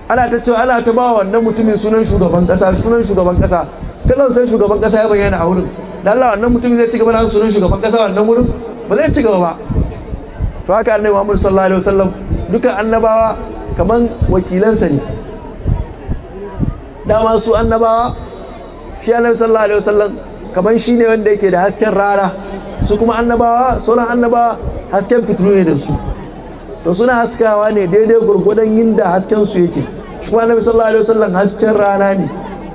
Speaker 4: ana ta cewa ana ta ba wannan mutumin sunan shugaban kasa sunan shugaban kasa kasan san shugaban kasa ya bayyana a wurin da Allah wannan mutum zai ci gaba da sunan shugaban kasa wannan wurin ba zai ci gaba ba to haka annabi Muhammad sallallahu alaihi wasallam dukan annabawa kaman wakilansa ne dama su annabawa shi annabi sallallahu alaihi wasallam kaman shi ne wanda yake da hasken rana su kuma annabawa sauran annabawa hasken fitilu ne da su to suna haskawa ne daidai gurgudan yinda hasken su yake shi kuma annabi sallallahu alaihi wasallam hasken rana ne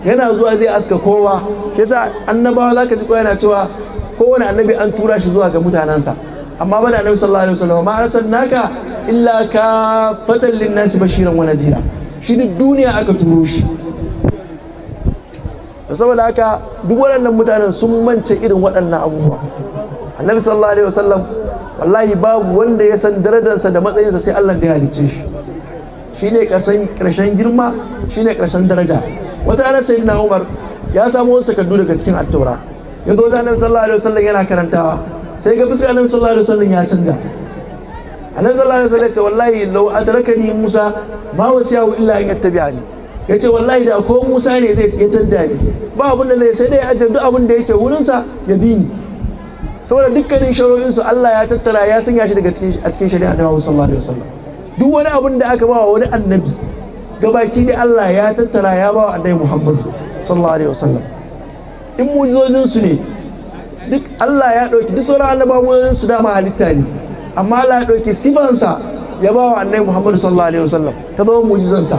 Speaker 4: yana zuwa zai aska kowa shi yasa annabawa zaka ji kowa yana cewa kowane annabi an tura shi zuwa ga mutanansa amma bana annabi sallallahu alaihi wasallam ma arsalnaka illa ka fatan linnas bashiran wa nadira shi duk duniya aka turo shi saboda haka duk waɗannan mutanen sun mance irin waɗannan abubuwa annabi sallallahu alaihi wasallam wallahi babu wanda ya san darajarsa da matsayinsa sai Allah da ya halicce shi shine karshen girma shine karshen daraja wata ranar na umar ya samu wasu takardu daga cikin attaura ya zo da annabi sallallahu alaihi wasallam yana karantawa sai ga fuskar annabi sallallahu alaihi wasallam ya canja annabi sallallahu alaihi wasallam ya ce wallahi law adrakani musa ma wasiyahu illa an yattabi'ani ya ce wallahi da ko musa ne zai tsayatar da ni ba abin da zai sai dai ajiyar duk abin da yake wurinsa ya bi ni saboda dukkanin shari'insu allah ya tattara ya sanya shi daga a cikin shari'a da wasu sallallahu alaihi wasallam duk wani abin da aka ba wa wani annabi gabaki da Allah ya tattara ya ba wa annabi Muhammad sallallahu alaihi wasallam in mujizojin su ne duk Allah ya dauki duk sauran annabawa mujizojin su da halitta ne amma Allah ya dauki sifansa ya ba wa annabi Muhammad sallallahu alaihi wasallam ta zama sa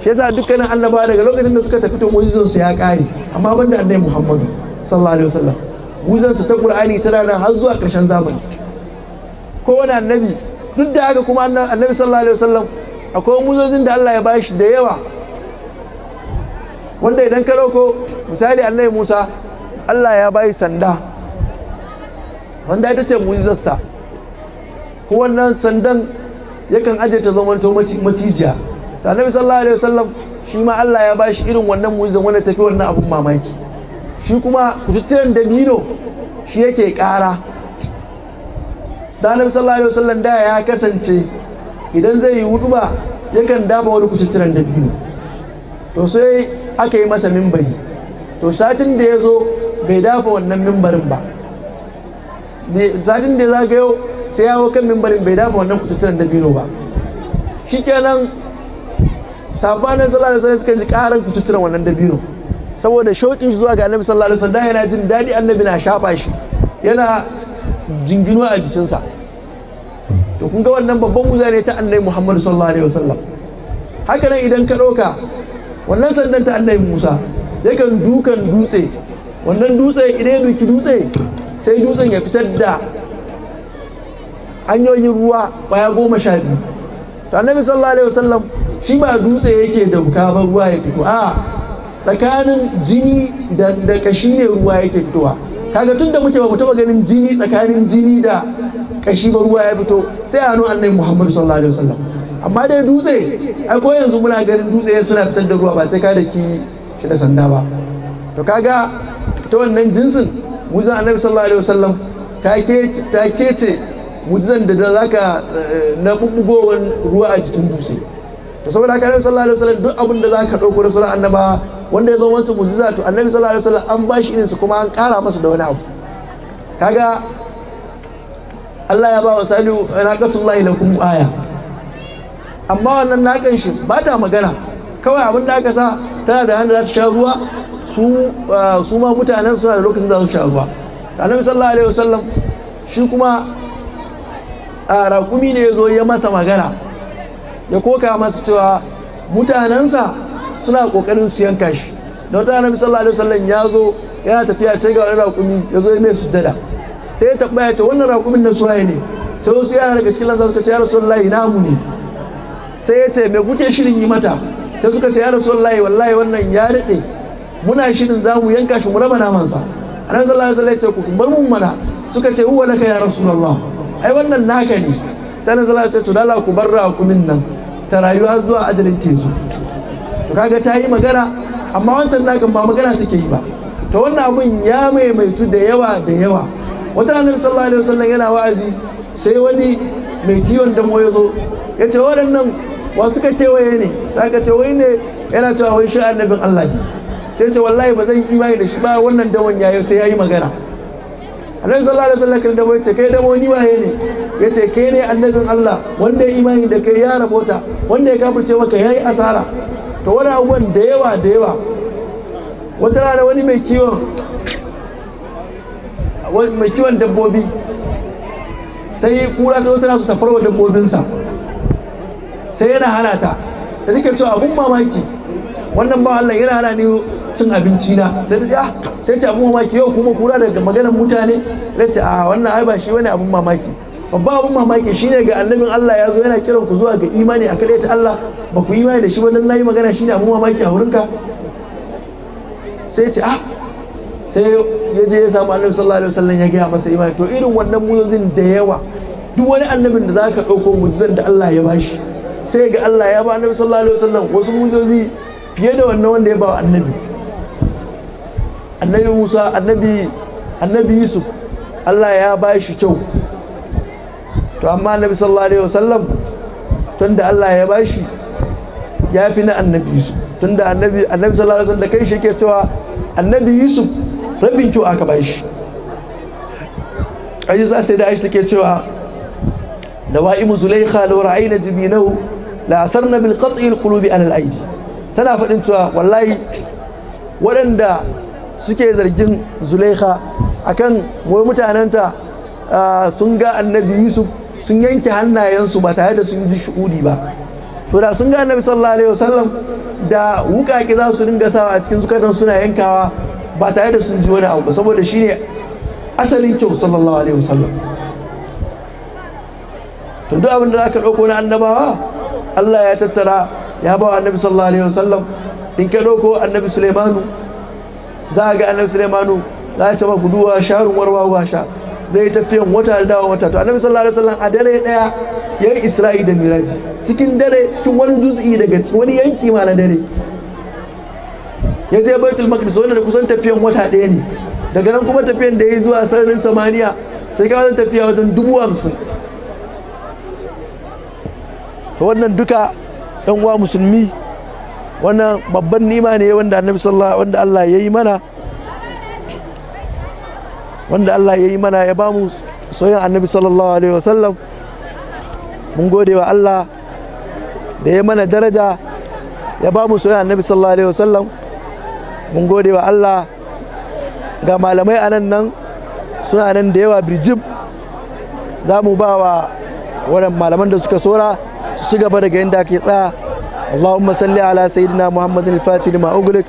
Speaker 4: shi yasa dukkanin annaba daga lokacin da suka tafi to mujizan su ya kare amma banda annabi Muhammad sallallahu alaihi wasallam mujizan sa ta Qur'ani tana nan har zuwa ƙarshen zamani kowane annabi duk da haka kuma annabi sallallahu alaihi wasallam akwai muzozin da Allah ya bashi da yawa wanda idan ka dauko misali Allah Musa Allah ya bayi sanda wanda ita ce muzizarsa ko wannan sandan yakan aje ta zamanto macijiya da annabi sallallahu alaihi wasallam shi ma Allah ya bashi irin wannan muzizan wanda tafi wannan abun mamaki shi kuma kututturen da nino shi yake kara da annabi sallallahu alaihi wasallam da ya kasance idan zai yi hudu ba yakan dama wani kuciciran da biyu to sai aka yi masa mimbari to satin da ya zo bai dafa wannan mimbarin ba satin da ya yau sai yawo kan mimbarin bai dafa wannan kuciciran da biyu ba shi kenan sabanin sallallahu alaihi suka ji karar kuciciran wannan da biyu saboda shauƙin shi zuwa ga annabi sallallahu alaihi wasallam yana jin daɗi annabi na shafa shi yana jingino a jikinsa to kun ga wannan babban muza ne ta annabi Muhammad sallallahu alaihi wasallam haka nan idan ka ɗauka wannan sandan ta annabi Musa yakan dukan dutse wannan dutse idan ya duki dutse sai dutsen ya fitar da hanyoyin ruwa baya goma sha biyu to annabi sallallahu alaihi wasallam shi ba dutse yake dauka ba ruwa ya fito a tsakanin jini da da kashi ne ruwa yake fitowa kaga tun da muke ba mu taba ganin jini tsakanin jini da kashi ba ruwa ya fito sai a hannun annabi muhammadu sallallahu alaihi wasallam amma dai dutse ai ko yanzu muna ganin dutse suna fitar da ruwa ba sai ka da ki shi da sanda ba to kaga ta wannan jinsin mujizan annabi sallallahu alaihi wasallam ta ke ce mujizan da za ka eh, na bubbugowar ruwa a jikin dutse to saboda haka annabi sallallahu alaihi wasallam duk abin da za ka ɗauko da sura annaba wanda ya zama wata mujiza to annabi sallallahu alaihi wasallam an bashi su kuma an ƙara masa da wani abu kaga Allah ya ba wa salihu da kun aya amma wannan nakan shi ba ta magana kawai abin da aka sa tana da hannu za ta sha ruwa ah, su ma mutanen suna da lokacin za su sha ruwa annabi sallallahu alaihi wasallam shi kuma a ah, raƙumi ne ya zo ya masa magana ya koka masa cewa mutanensa suna ƙoƙarin su yanka shi da wata annabi sallallahu alaihi wasallam ya zo yana tafiya sai ga wani raƙumi ya zo ya mai sujada sai ya tambaya ce wannan raƙumin na suwaye ne sai wasu yara daga cikin lansa suka ce ya rasulullahi namu ne sai ya ce me kuke shirin yi mata sai suka ce ya rasulullahi wallahi wannan ya daɗe muna shirin za mu yanka shi mu raba namansa annabi sallallahu alaihi wasallam ya ce ku bar mun mana suka ce huwa laka ya rasulullah ai wannan naka ne sai annabi sallallahu alaihi wasallam ya ce to dala ku bar raƙumin nan ta rayuwa zuwa ajalin tezu to kaga ta yi magana amma wancan nakan ba magana take yi ba to wannan abun ya maimaitu da yawa da yawa wata annabi sallallahu alaihi wasallam yana wa'azi sai wani mai kiwon damo ya zo ya ce waɗannan wa suka kewaye ne sai ka ce wai ne yana cewa wai shi annabin Allah ne sai ce wallahi ba zan yi imani da shi ba wannan damon yayi sai yayi magana annabi sallallahu alaihi wasallam kan damo ya ce kai damo ni waye ne ya ce kai ne annabin Allah wanda ya imani da kai ya rabota wanda ya kafirce maka yayi asara to wani abubuwan da yawa da yawa wata rana wani mai kiwon mai kiwon dabbobi sai kura ta tana su tafarwa dabbobinsa sai yana hana ta da suke cewa abun mamaki wannan ba Allah yana hana ni cin abinci na sai ta ce ah, sai ce abun mamaki yau kuma kura daga maganar mutane na ce a ah, wannan ai ba shi wani abun mamaki babba abun mamaki shine ga annabin Allah ya zo yana kiran ku zuwa ga imani a ta Allah ba ku imani da shi ba dan nayi magana shine abun mamaki a wurinka sai ce ah sai ya je ya samu annabi sallallahu alaihi wasallam ya gaya masa imani to irin wannan mujizin da yawa duk wani annabin da zaka dauko mujizan da Allah ya bashi sai ga Allah ya ba annabi sallallahu alaihi wasallam wasu mujizozi fiye da wannan wanda ya ba annabi annabi Musa annabi annabi Yusuf Allah ya ba shi kyau to amma annabi sallallahu alaihi wasallam tunda Allah ya ba shi ya fi na annabi Yusuf tunda annabi annabi sallallahu alaihi wasallam da kai shi yake cewa annabi Yusuf rabin kyau aka ba shi ayi za sai da aisha take cewa lawaimu Zulaiha law ra'ayna jibinahu la atharna bil qat'i al qulubi ala al aidi tana faɗin cewa wallahi waɗanda suke zargin Zulaiha akan wai mutanenta sun ga annabi yusuf sun yanke hannayensu ba tare da sun ji shu'udi ba to da sun ga annabi sallallahu alaihi wasallam da wukaki za su dinga sawa a cikin zukatan suna yankawa ba tare da sun ji wani abu saboda shi ne asalin kyau sallallahu alaihi wasallam to duk abin da zaka ɗauko na annabawa Allah ya tattara ya ba wa annabi sallallahu alaihi wasallam in ka ɗauko annabi Sulaimanu za ga annabi Sulaimanu za ya ce ma guduwa sharun warwa wa sha zai tafiyan wata da dawa wata to annabi sallallahu alaihi wasallam a dare daya yayin Isra'i da Miraji cikin dare cikin wani juz'i daga wani yanki ma na dare ya je baitul maqdis wanda da kusan tafiyan wata ɗaya ne daga nan kuma tafiyan da ya yi zuwa sararin samaniya sai ka wajen tafiya wajen dubu hamsin to wannan duka ɗan uwa musulmi wannan babban nima ne wanda annabi sallallahu wanda Allah ya yi mana wanda Allah ya yi mana ya mu soyin annabi sallallahu alaihi wasallam mun gode wa Allah da ya mana daraja ya ba mu soyin annabi sallallahu alaihi wasallam mun gode wa Allah ga malamai a nan nan suna nan da yawa birjib za mu ba wa wannan malaman da suka sora su ci gaba daga yadda ke tsaya Allahumma salli ala sayyidina Muhammadin al-Fatih lima ugrik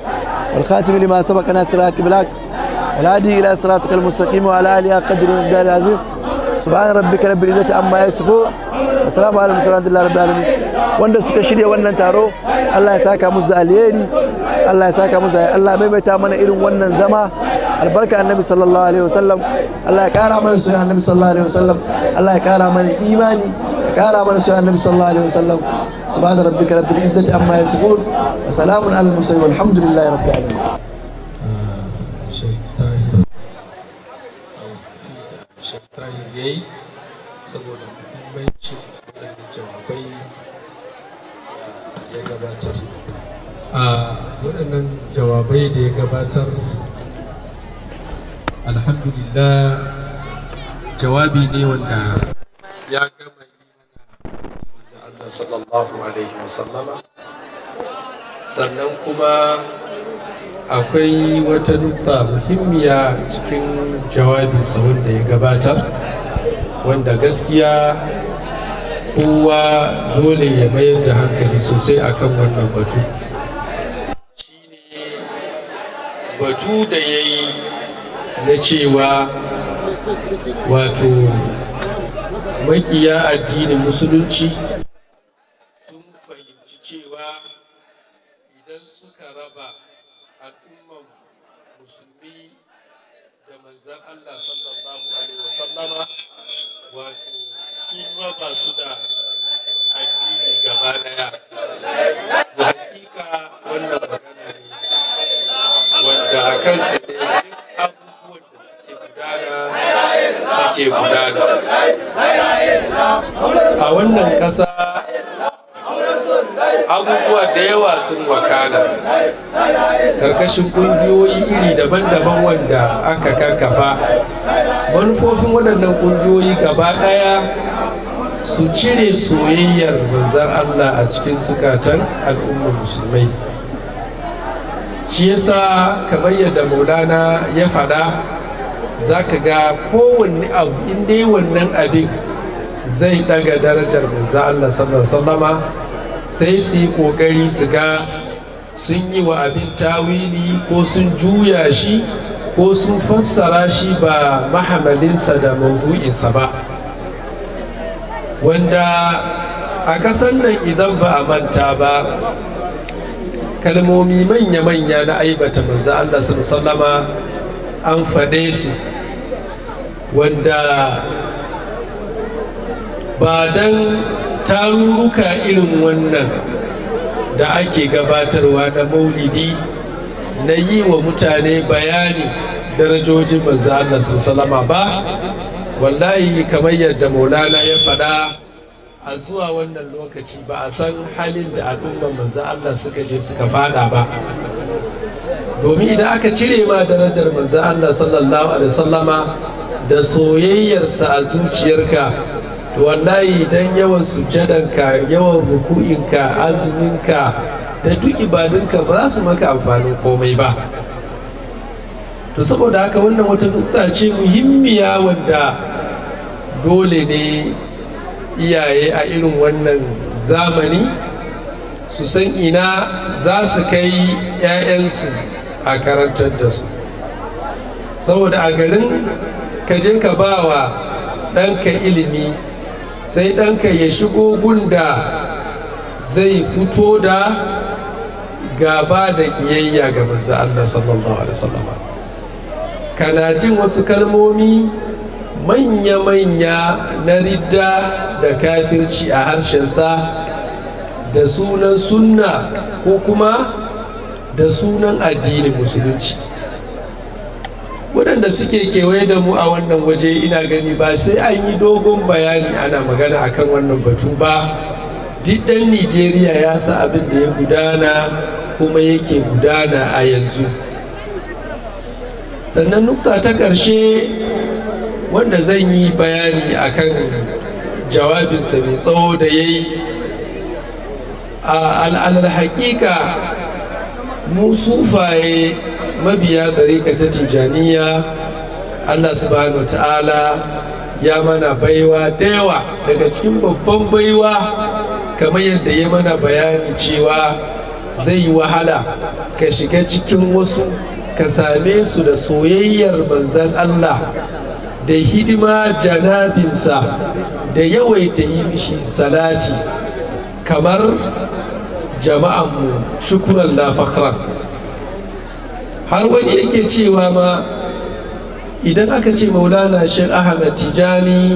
Speaker 4: wal khatim lima sabaqana siraki black wal hadi ila siratikal mustaqim wa ala alihi qadru al azim subhana rabbika rabbil izzati amma yasifu assalamu alaikum wa rahmatullahi da barakatuh wanda suka shirya wannan taro Allah ya saka musu alheri Allah ya saka musu Allah maimaita mana irin wannan zama albarka annabi sallallahu alaihi wasallam Allah ya kara mana su annabi sallallahu alaihi wasallam Allah ya kara mana imani ya kara mana su annabi sallallahu alaihi wasallam subhana rabbika rabbil izzati amma yasifun wa salamun alal mursalin walhamdulillahi rabbil alamin
Speaker 5: ah, yayi saboda muhimmanci waɗannan jawabai ya gabatar. Ah, waɗannan jawabai da ya gabatar alhamdulillah jawabi ne wanda ya gama yi mana Allah sallallahu alaihi wasallama sannan kuma akwai wata nukta muhimmiya cikin jawabinsa wanda ya gabatar wanda gaskiya kowa dole ya mayar da hankali sosai akan wannan batu. batu da ya yi na cewa wato makiya addinin musulunci sun fahimci cewa idan suka raba al'umman musulmi da manzan Allah sallallahu alaihi Sallama,
Speaker 1: wato sun raba su da addini gaba daya. Hakika wannan kansa da abubuwan
Speaker 3: da suke gudana suke gudana
Speaker 5: a wannan ƙasa abubuwa da yawa sun wakana karkashin kungiyoyi iri daban-daban wanda aka kakkafa manufofin waɗannan kungiyoyi gaba ɗaya su cire soyayyar manzan allah a cikin zukatan al'ummar musulmai shi yasa kamar yadda maulana ya faɗa za ka ga kowanne abu in dai wannan abin zai daga darajar manzo Allah sallallahu sai su yi kokari su ga sun yi wa abin tawili ko sun juya shi ko sun fassara shi ba mahamalinsa da maudu'insa ba wanda a ƙasar nan idan ba a manta ba kalmomi manya-manya na aibata manzo Allah sun sallama an faɗe su wanda ba don tarurruka irin wannan da ake gabatarwa na maulidi na yi wa mutane bayani darajojin manzo Allah sun salama ba wallahi kamar yadda maulana ya faɗa zuwa wannan lokaci ba a san halin da al'ummar manzan Allah suka je suka fada ba domin idan aka cire ma darajar manzan Allah sallallahu alaihi wasallama da soyayyarsa a zuciyarka to wallahi dan yawan sujjadanka yawan ruku'inka azuminka da duk ibadunka ba za su maka amfanin komai ba to saboda haka wannan wata nukta ce muhimmiya wanda dole ne iyaye a irin wannan zamani su san ina za su kai 'ya'yansu a karantar da su saboda a garin kaje ka ba wa ɗanka ilimi sai ɗanka ya shigo gunda zai fito da gaba da ƙiyayya ga manzo Allah sallallahu alaihi wasallam kana jin wasu kalmomi manya-manya na ridda da kafirci a harshensa da sunan sunna ko kuma da sunan addini musulunci waɗanda suke kewaye da mu a wannan waje ina gani ba sai an yi dogon bayani ana magana akan wannan batu ba duk ɗan nijeriya ya sa abin da ya gudana kuma yake gudana a yanzu sannan nukta ta ƙarshe wanda zan yi bayani a kan jawabinsa mai tsawo da ya yi al'adar hakika mu sufaye mabiya tsarika ta tijaniya allah subhanahu wa ta'ala ya mana baiwa da yawa daga cikin babban baiwa kamar yadda ya mana bayani cewa zai yi wahala ka shiga cikin wasu ka same su da soyayyar manzan allah da hidima janabinsa da yawaita yi mishi salati kamar jama'anmu shukuran lafakran har wani yake cewa ma idan aka ce maulana shan ahmad tijani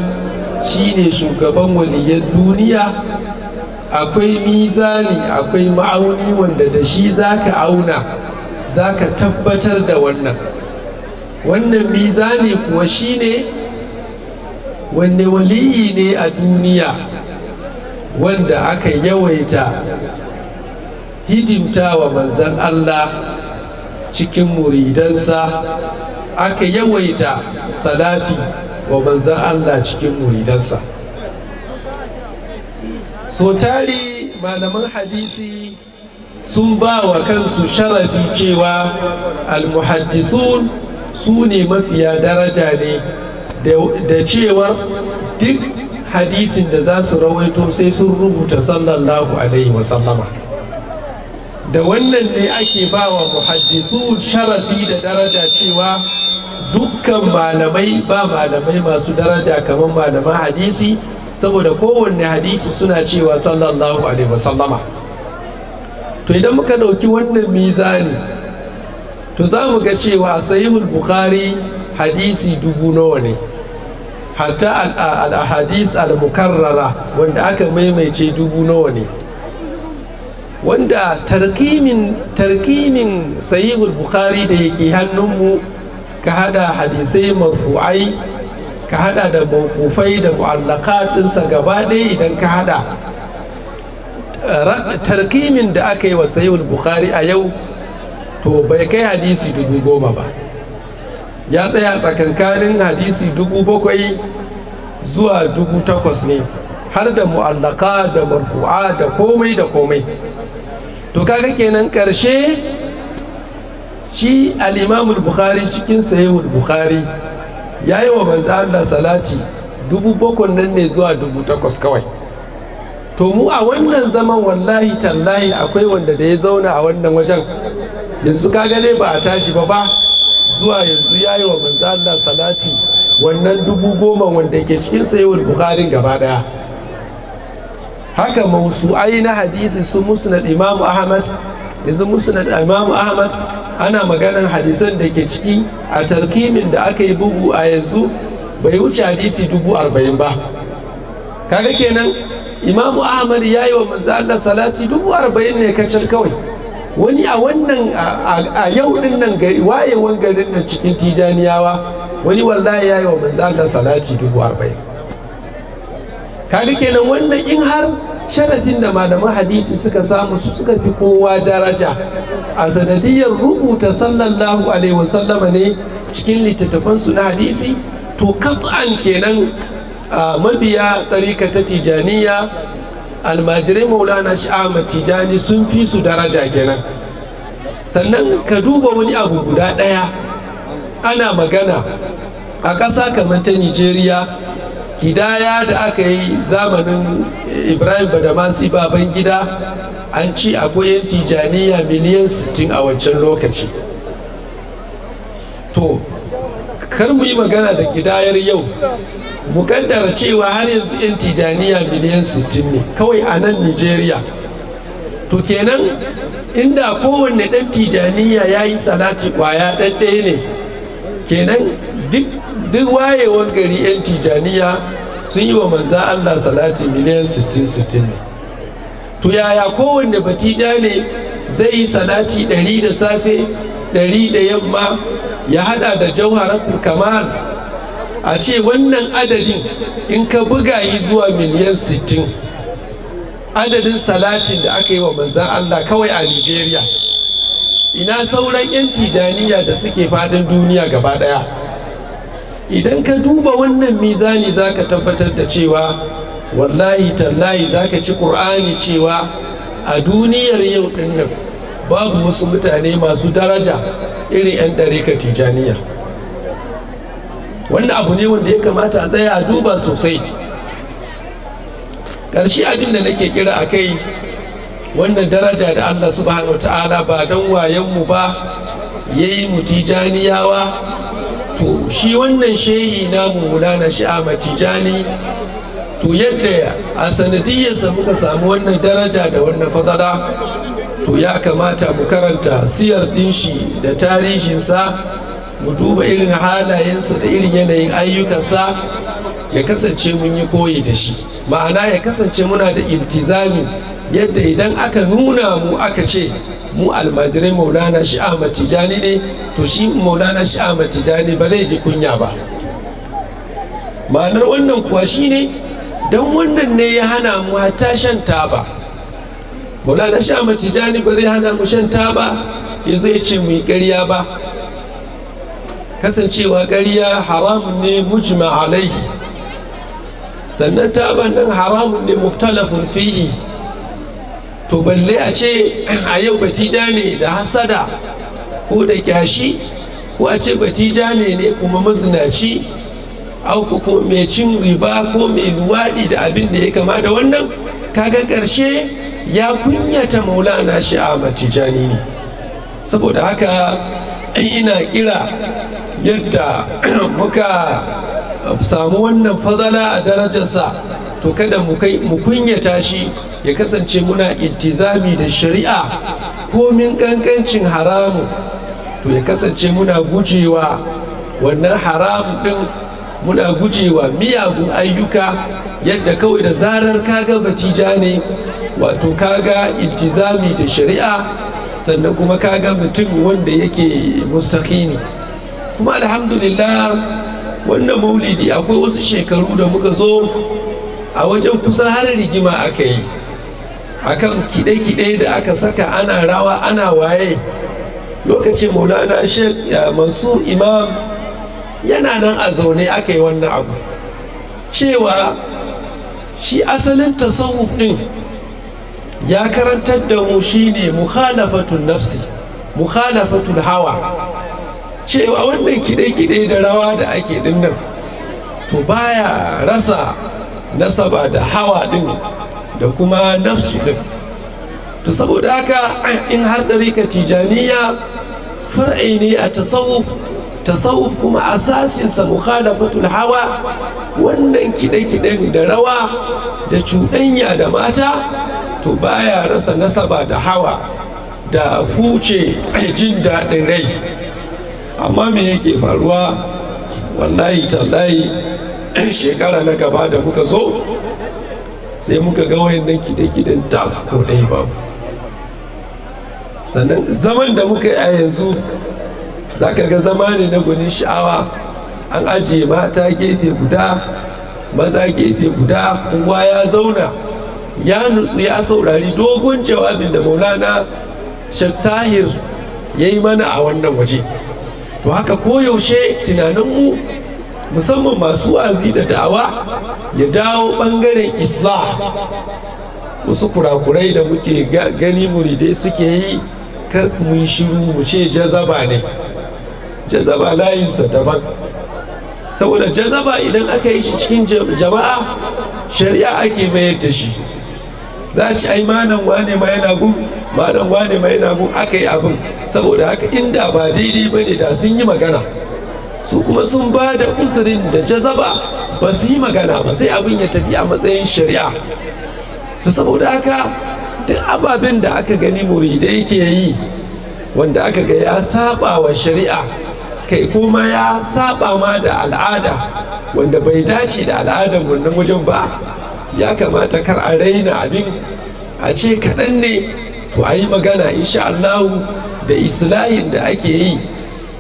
Speaker 5: shine shugaban waliyyar duniya akwai mizani akwai ma'auni wanda da shi zaka auna zaka tabbatar da wannan wannan mizani kuwa shine wanne wali'i ne a duniya wanda aka yawaita hidimta wa manzan Allah cikin muridansa aka yawaita salati wa manzan Allah cikin muridansa so tari malaman hadisi sun ba wa kansu sharafi cewa al-muhaddisun su ne mafiya daraja ne da cewa duk hadisin da za su rawaito sai sun rubuta sallallahu alaihi wasallama da wannan ne ake ba wa muhaddisu sharafi da daraja cewa dukkan malamai ba malamai masu daraja kamar malaman hadisi saboda kowanne hadisi suna cewa sallallahu alaihi wasallama to idan muka ɗauki wannan mizani to za mu ga cewa sahihul bukhari hadisi dubu nawa ne hatta al-ahadis al-mukarrara wanda aka maimaice dubu nawa ne wanda tarkimin tarkimin sahihul bukhari da yake hannunmu ka hada hadisai marfu'ai ka hada da mawqufai da mu'allaqat ɗinsa gaba idan ka hada tarkimin da aka yi wa sahihul bukhari a yau to bai kai hadisi dubu goma ba ya tsaya tsakankanin hadisi dubu bakwai zuwa dubu takwas ne har da mu'allaka da marfu'a da komai da komai to kaga kenan karshe shi al'imamul bukhari cikin sayewul bukhari ya yi wa banza Allah salati dubu bakwai nan ne zuwa dubu takwas kawai to mu a wannan zaman wallahi tallahi akwai wanda da ya zauna a wannan wajen yanzu kaga ne ba a tashi ba ba zuwa yanzu ya yi wa manzo Allah salati wannan dubu goma wanda ke cikin sayewar bukharin gaba daya haka mausu'ai na hadisi su musnad imamu ahmad yanzu musnad imamu ahmad ana maganan hadisan da ke ciki a tarkimin da aka yi bugu a yanzu bai wuce hadisi dubu arba'in ba kaga kenan imamu ahmad ya yi wa manzo Allah salati dubu arba'in ne kacal kawai wani a wannan a yau din nan gari wayewan garin nan cikin tijaniyawa wani wallahi yayi wa manzo Allah salati dubu arba'in kaga kenan wannan in har sharafin da malaman hadisi suka samu su suka fi kowa daraja a sanadiyar rubuta sallallahu alaihi wasallama ne cikin littattafansu na hadisi to kat'an kenan mabiya tsarika ta tijaniya almajirai maulana shi tijani sun fi su daraja kenan sannan ka duba wani abu guda ɗaya ana magana a ƙasa kamar ta nigeria hidaya da aka yi zamanin ibrahim badamasi baban gida an ci akwai 'yan tijaniya miliyan 60 a wancan lokaci to kar mu yi magana da kidayar yau mukaddar cewa har yanzu 'yan tijaniya miliyan 60 ne kawai a nan nigeria to kenan inda kowanne ɗan tijaniya ya yi salati kwaya ɗaya ne kenan duk wayewar gari 'yan tijaniya sun yi wa manza allah salati miliyan 60-60 ne to yaya kowanne batija ne zai yi salati ɗari da safe ɗari da yamma ya hada da jauharatul kamar a ce wannan adadin in ka buga yi zuwa miliyan 60 adadin salatin da aka yi wa manzan Allah kawai a Nigeria ina sauran 'yan tijaniya da suke fadin duniya gaba daya idan ka duba wannan mizani za ka tabbatar da cewa wallahi tallahi za ka ci ƙur'ani cewa a duniyar yau ɗin nan babu wasu mutane masu daraja irin 'yan ka tijaniya wannan abu ne wanda ya kamata a tsaya a duba sosai ƙarshe abin da nake kira a kai wannan daraja da allah subhanahu ta'ala ba don wayanmu ba ya yi mu tijaniyawa to shi wannan shehi namu a mati tijani to yadda a sanadiyarsa muka samu wannan daraja da wannan fadada to ya kamata mu karanta siyar din da tarihinsa mu duba irin halayensu da irin yanayin ayyukansa ya kasance mun yi koyi da shi ma'ana ya kasance muna da iltizami yadda idan aka nuna mu aka ce mu almajirai maulana shi a tijani ne to shi maulana shi a tijani ba zai ji kunya ba ma'anar wannan kuwa ne don wannan ne ya hana mu hatta shan taba maulana shi a tijani ba zai hana mu shan taba ya zai ce mu yi ƙarya ba kasancewa ƙarya haramun ne mujima alaihi sannan taban nan haramun ne muktalafun fihi to balle a ce a yau batija ne da hasada ko da kyashi ko a ce batija ne ne kuma mazinaci auku ko mai cin riba ko mai luwaɗi da abin da ya kama da wannan kaga ƙarshe ya kunyata maulana shi a matijani ne saboda haka ina kira yadda muka samu wannan fadala a darajarsa to kada mu kunyata shi ya kasance muna iltizami da shari'a komin kankancin haramu to ya kasance muna gujewa wannan haramu din muna gujewa miyagun ayyuka yadda kawai da zarar kaga batija ne wato kaga iltizami da shari'a sannan kuma kaga mutum wanda yake mustaqimi kuma alhamdulillah wannan maulidi akwai wasu shekaru da muka zo a wajen kusan har rigima aka yi akan kide-kide da aka saka ana rawa ana waye lokacin maulana shek masu imam yana nan a zaune aka yi wannan abu cewa shi asalin tasawuf din ya karantar da mu shine mukhalafatun nafsi mukhalafatul hawa cewa wannan kide-kide da rawa da ake dinnan to baya rasa nasaba da hawa din da kuma nafsu din to saboda haka in har ɗarika tijaniya far'i ne a tasawuf tasawuf kuma asasinsa mukhalafatul hawa wannan kide-kiden da rawa da cuɗanya da mata to baya rasa nasaba da hawa da huce jin daɗin rai amma me yake faruwa wallahi tallahi shekara na gaba da muka zo sai muka ga wayannan kide-kiden su ko ɗaya babu sannan zaman da muka yi a yanzu za ka ga zama ne na gunin sha'awa an ajiye mata gefe guda maza gefe guda kowa ya zauna ya nutsu ya saurari dogon jawabin da maulana shak tahir ya yi mana a wannan waje to haka koyaushe mu musamman masu wazi da dawa ya dawo ɓangaren islah wasu kurakurai da muke gani muridai suke yi kar kuma yi shiru mu ce jazaba ne jazaba layinsa daban saboda jazaba idan aka yi shi cikin jama'a shari'a ake mayar da shi za ci ai wane ma yana gudu malam wane mai namun aka yi abin saboda haka inda ba daidai ba ne da sun yi magana su kuma sun ba da uzurin da jazaba ba su yi magana ba sai abin ya tafi a matsayin shari'a to saboda haka duk ababen da aka gani muridai ke yi wanda aka ga ya saba wa shari'a kai kuma ya saba ma da al'ada wanda bai dace da al'adar wannan wajen ba ya kamata kar a raina abin a ce kaɗan ne to ayi yi magana insha Allahu da islahin da ake yi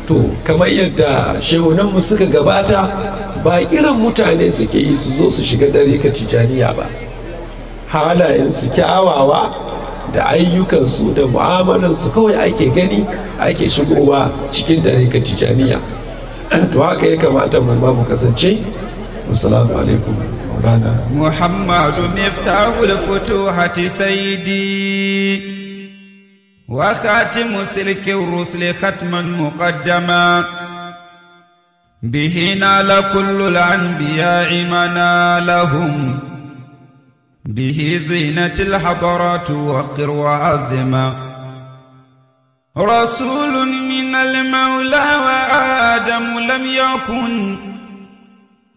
Speaker 5: to kamar yadda shehunanmu suka gabata ba kiran mutane suke yi su zo su shiga dariƙa tijaniya ba Halayen halayensu kyawawa da ayyukansu da mu'amalansu kawai ake gani ake shigowa cikin dariƙa tijaniya to haka ya kamata mu ma mu kasance assalamu alaikum
Speaker 2: muhammadu miftahul futuhati sayyidi وخاتم سلك الرسل ختما مقدما به نال كل الأنبياء منالهم به زينت الحضرات وقر وعظما رسول من المولى وآدم لم يكن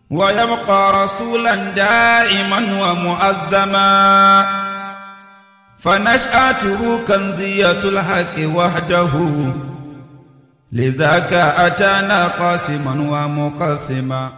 Speaker 2: ويبقى رسولا دائما ومؤذما فنشأته كنزية الحق وحده لذاك أتانا قاسما ومقسما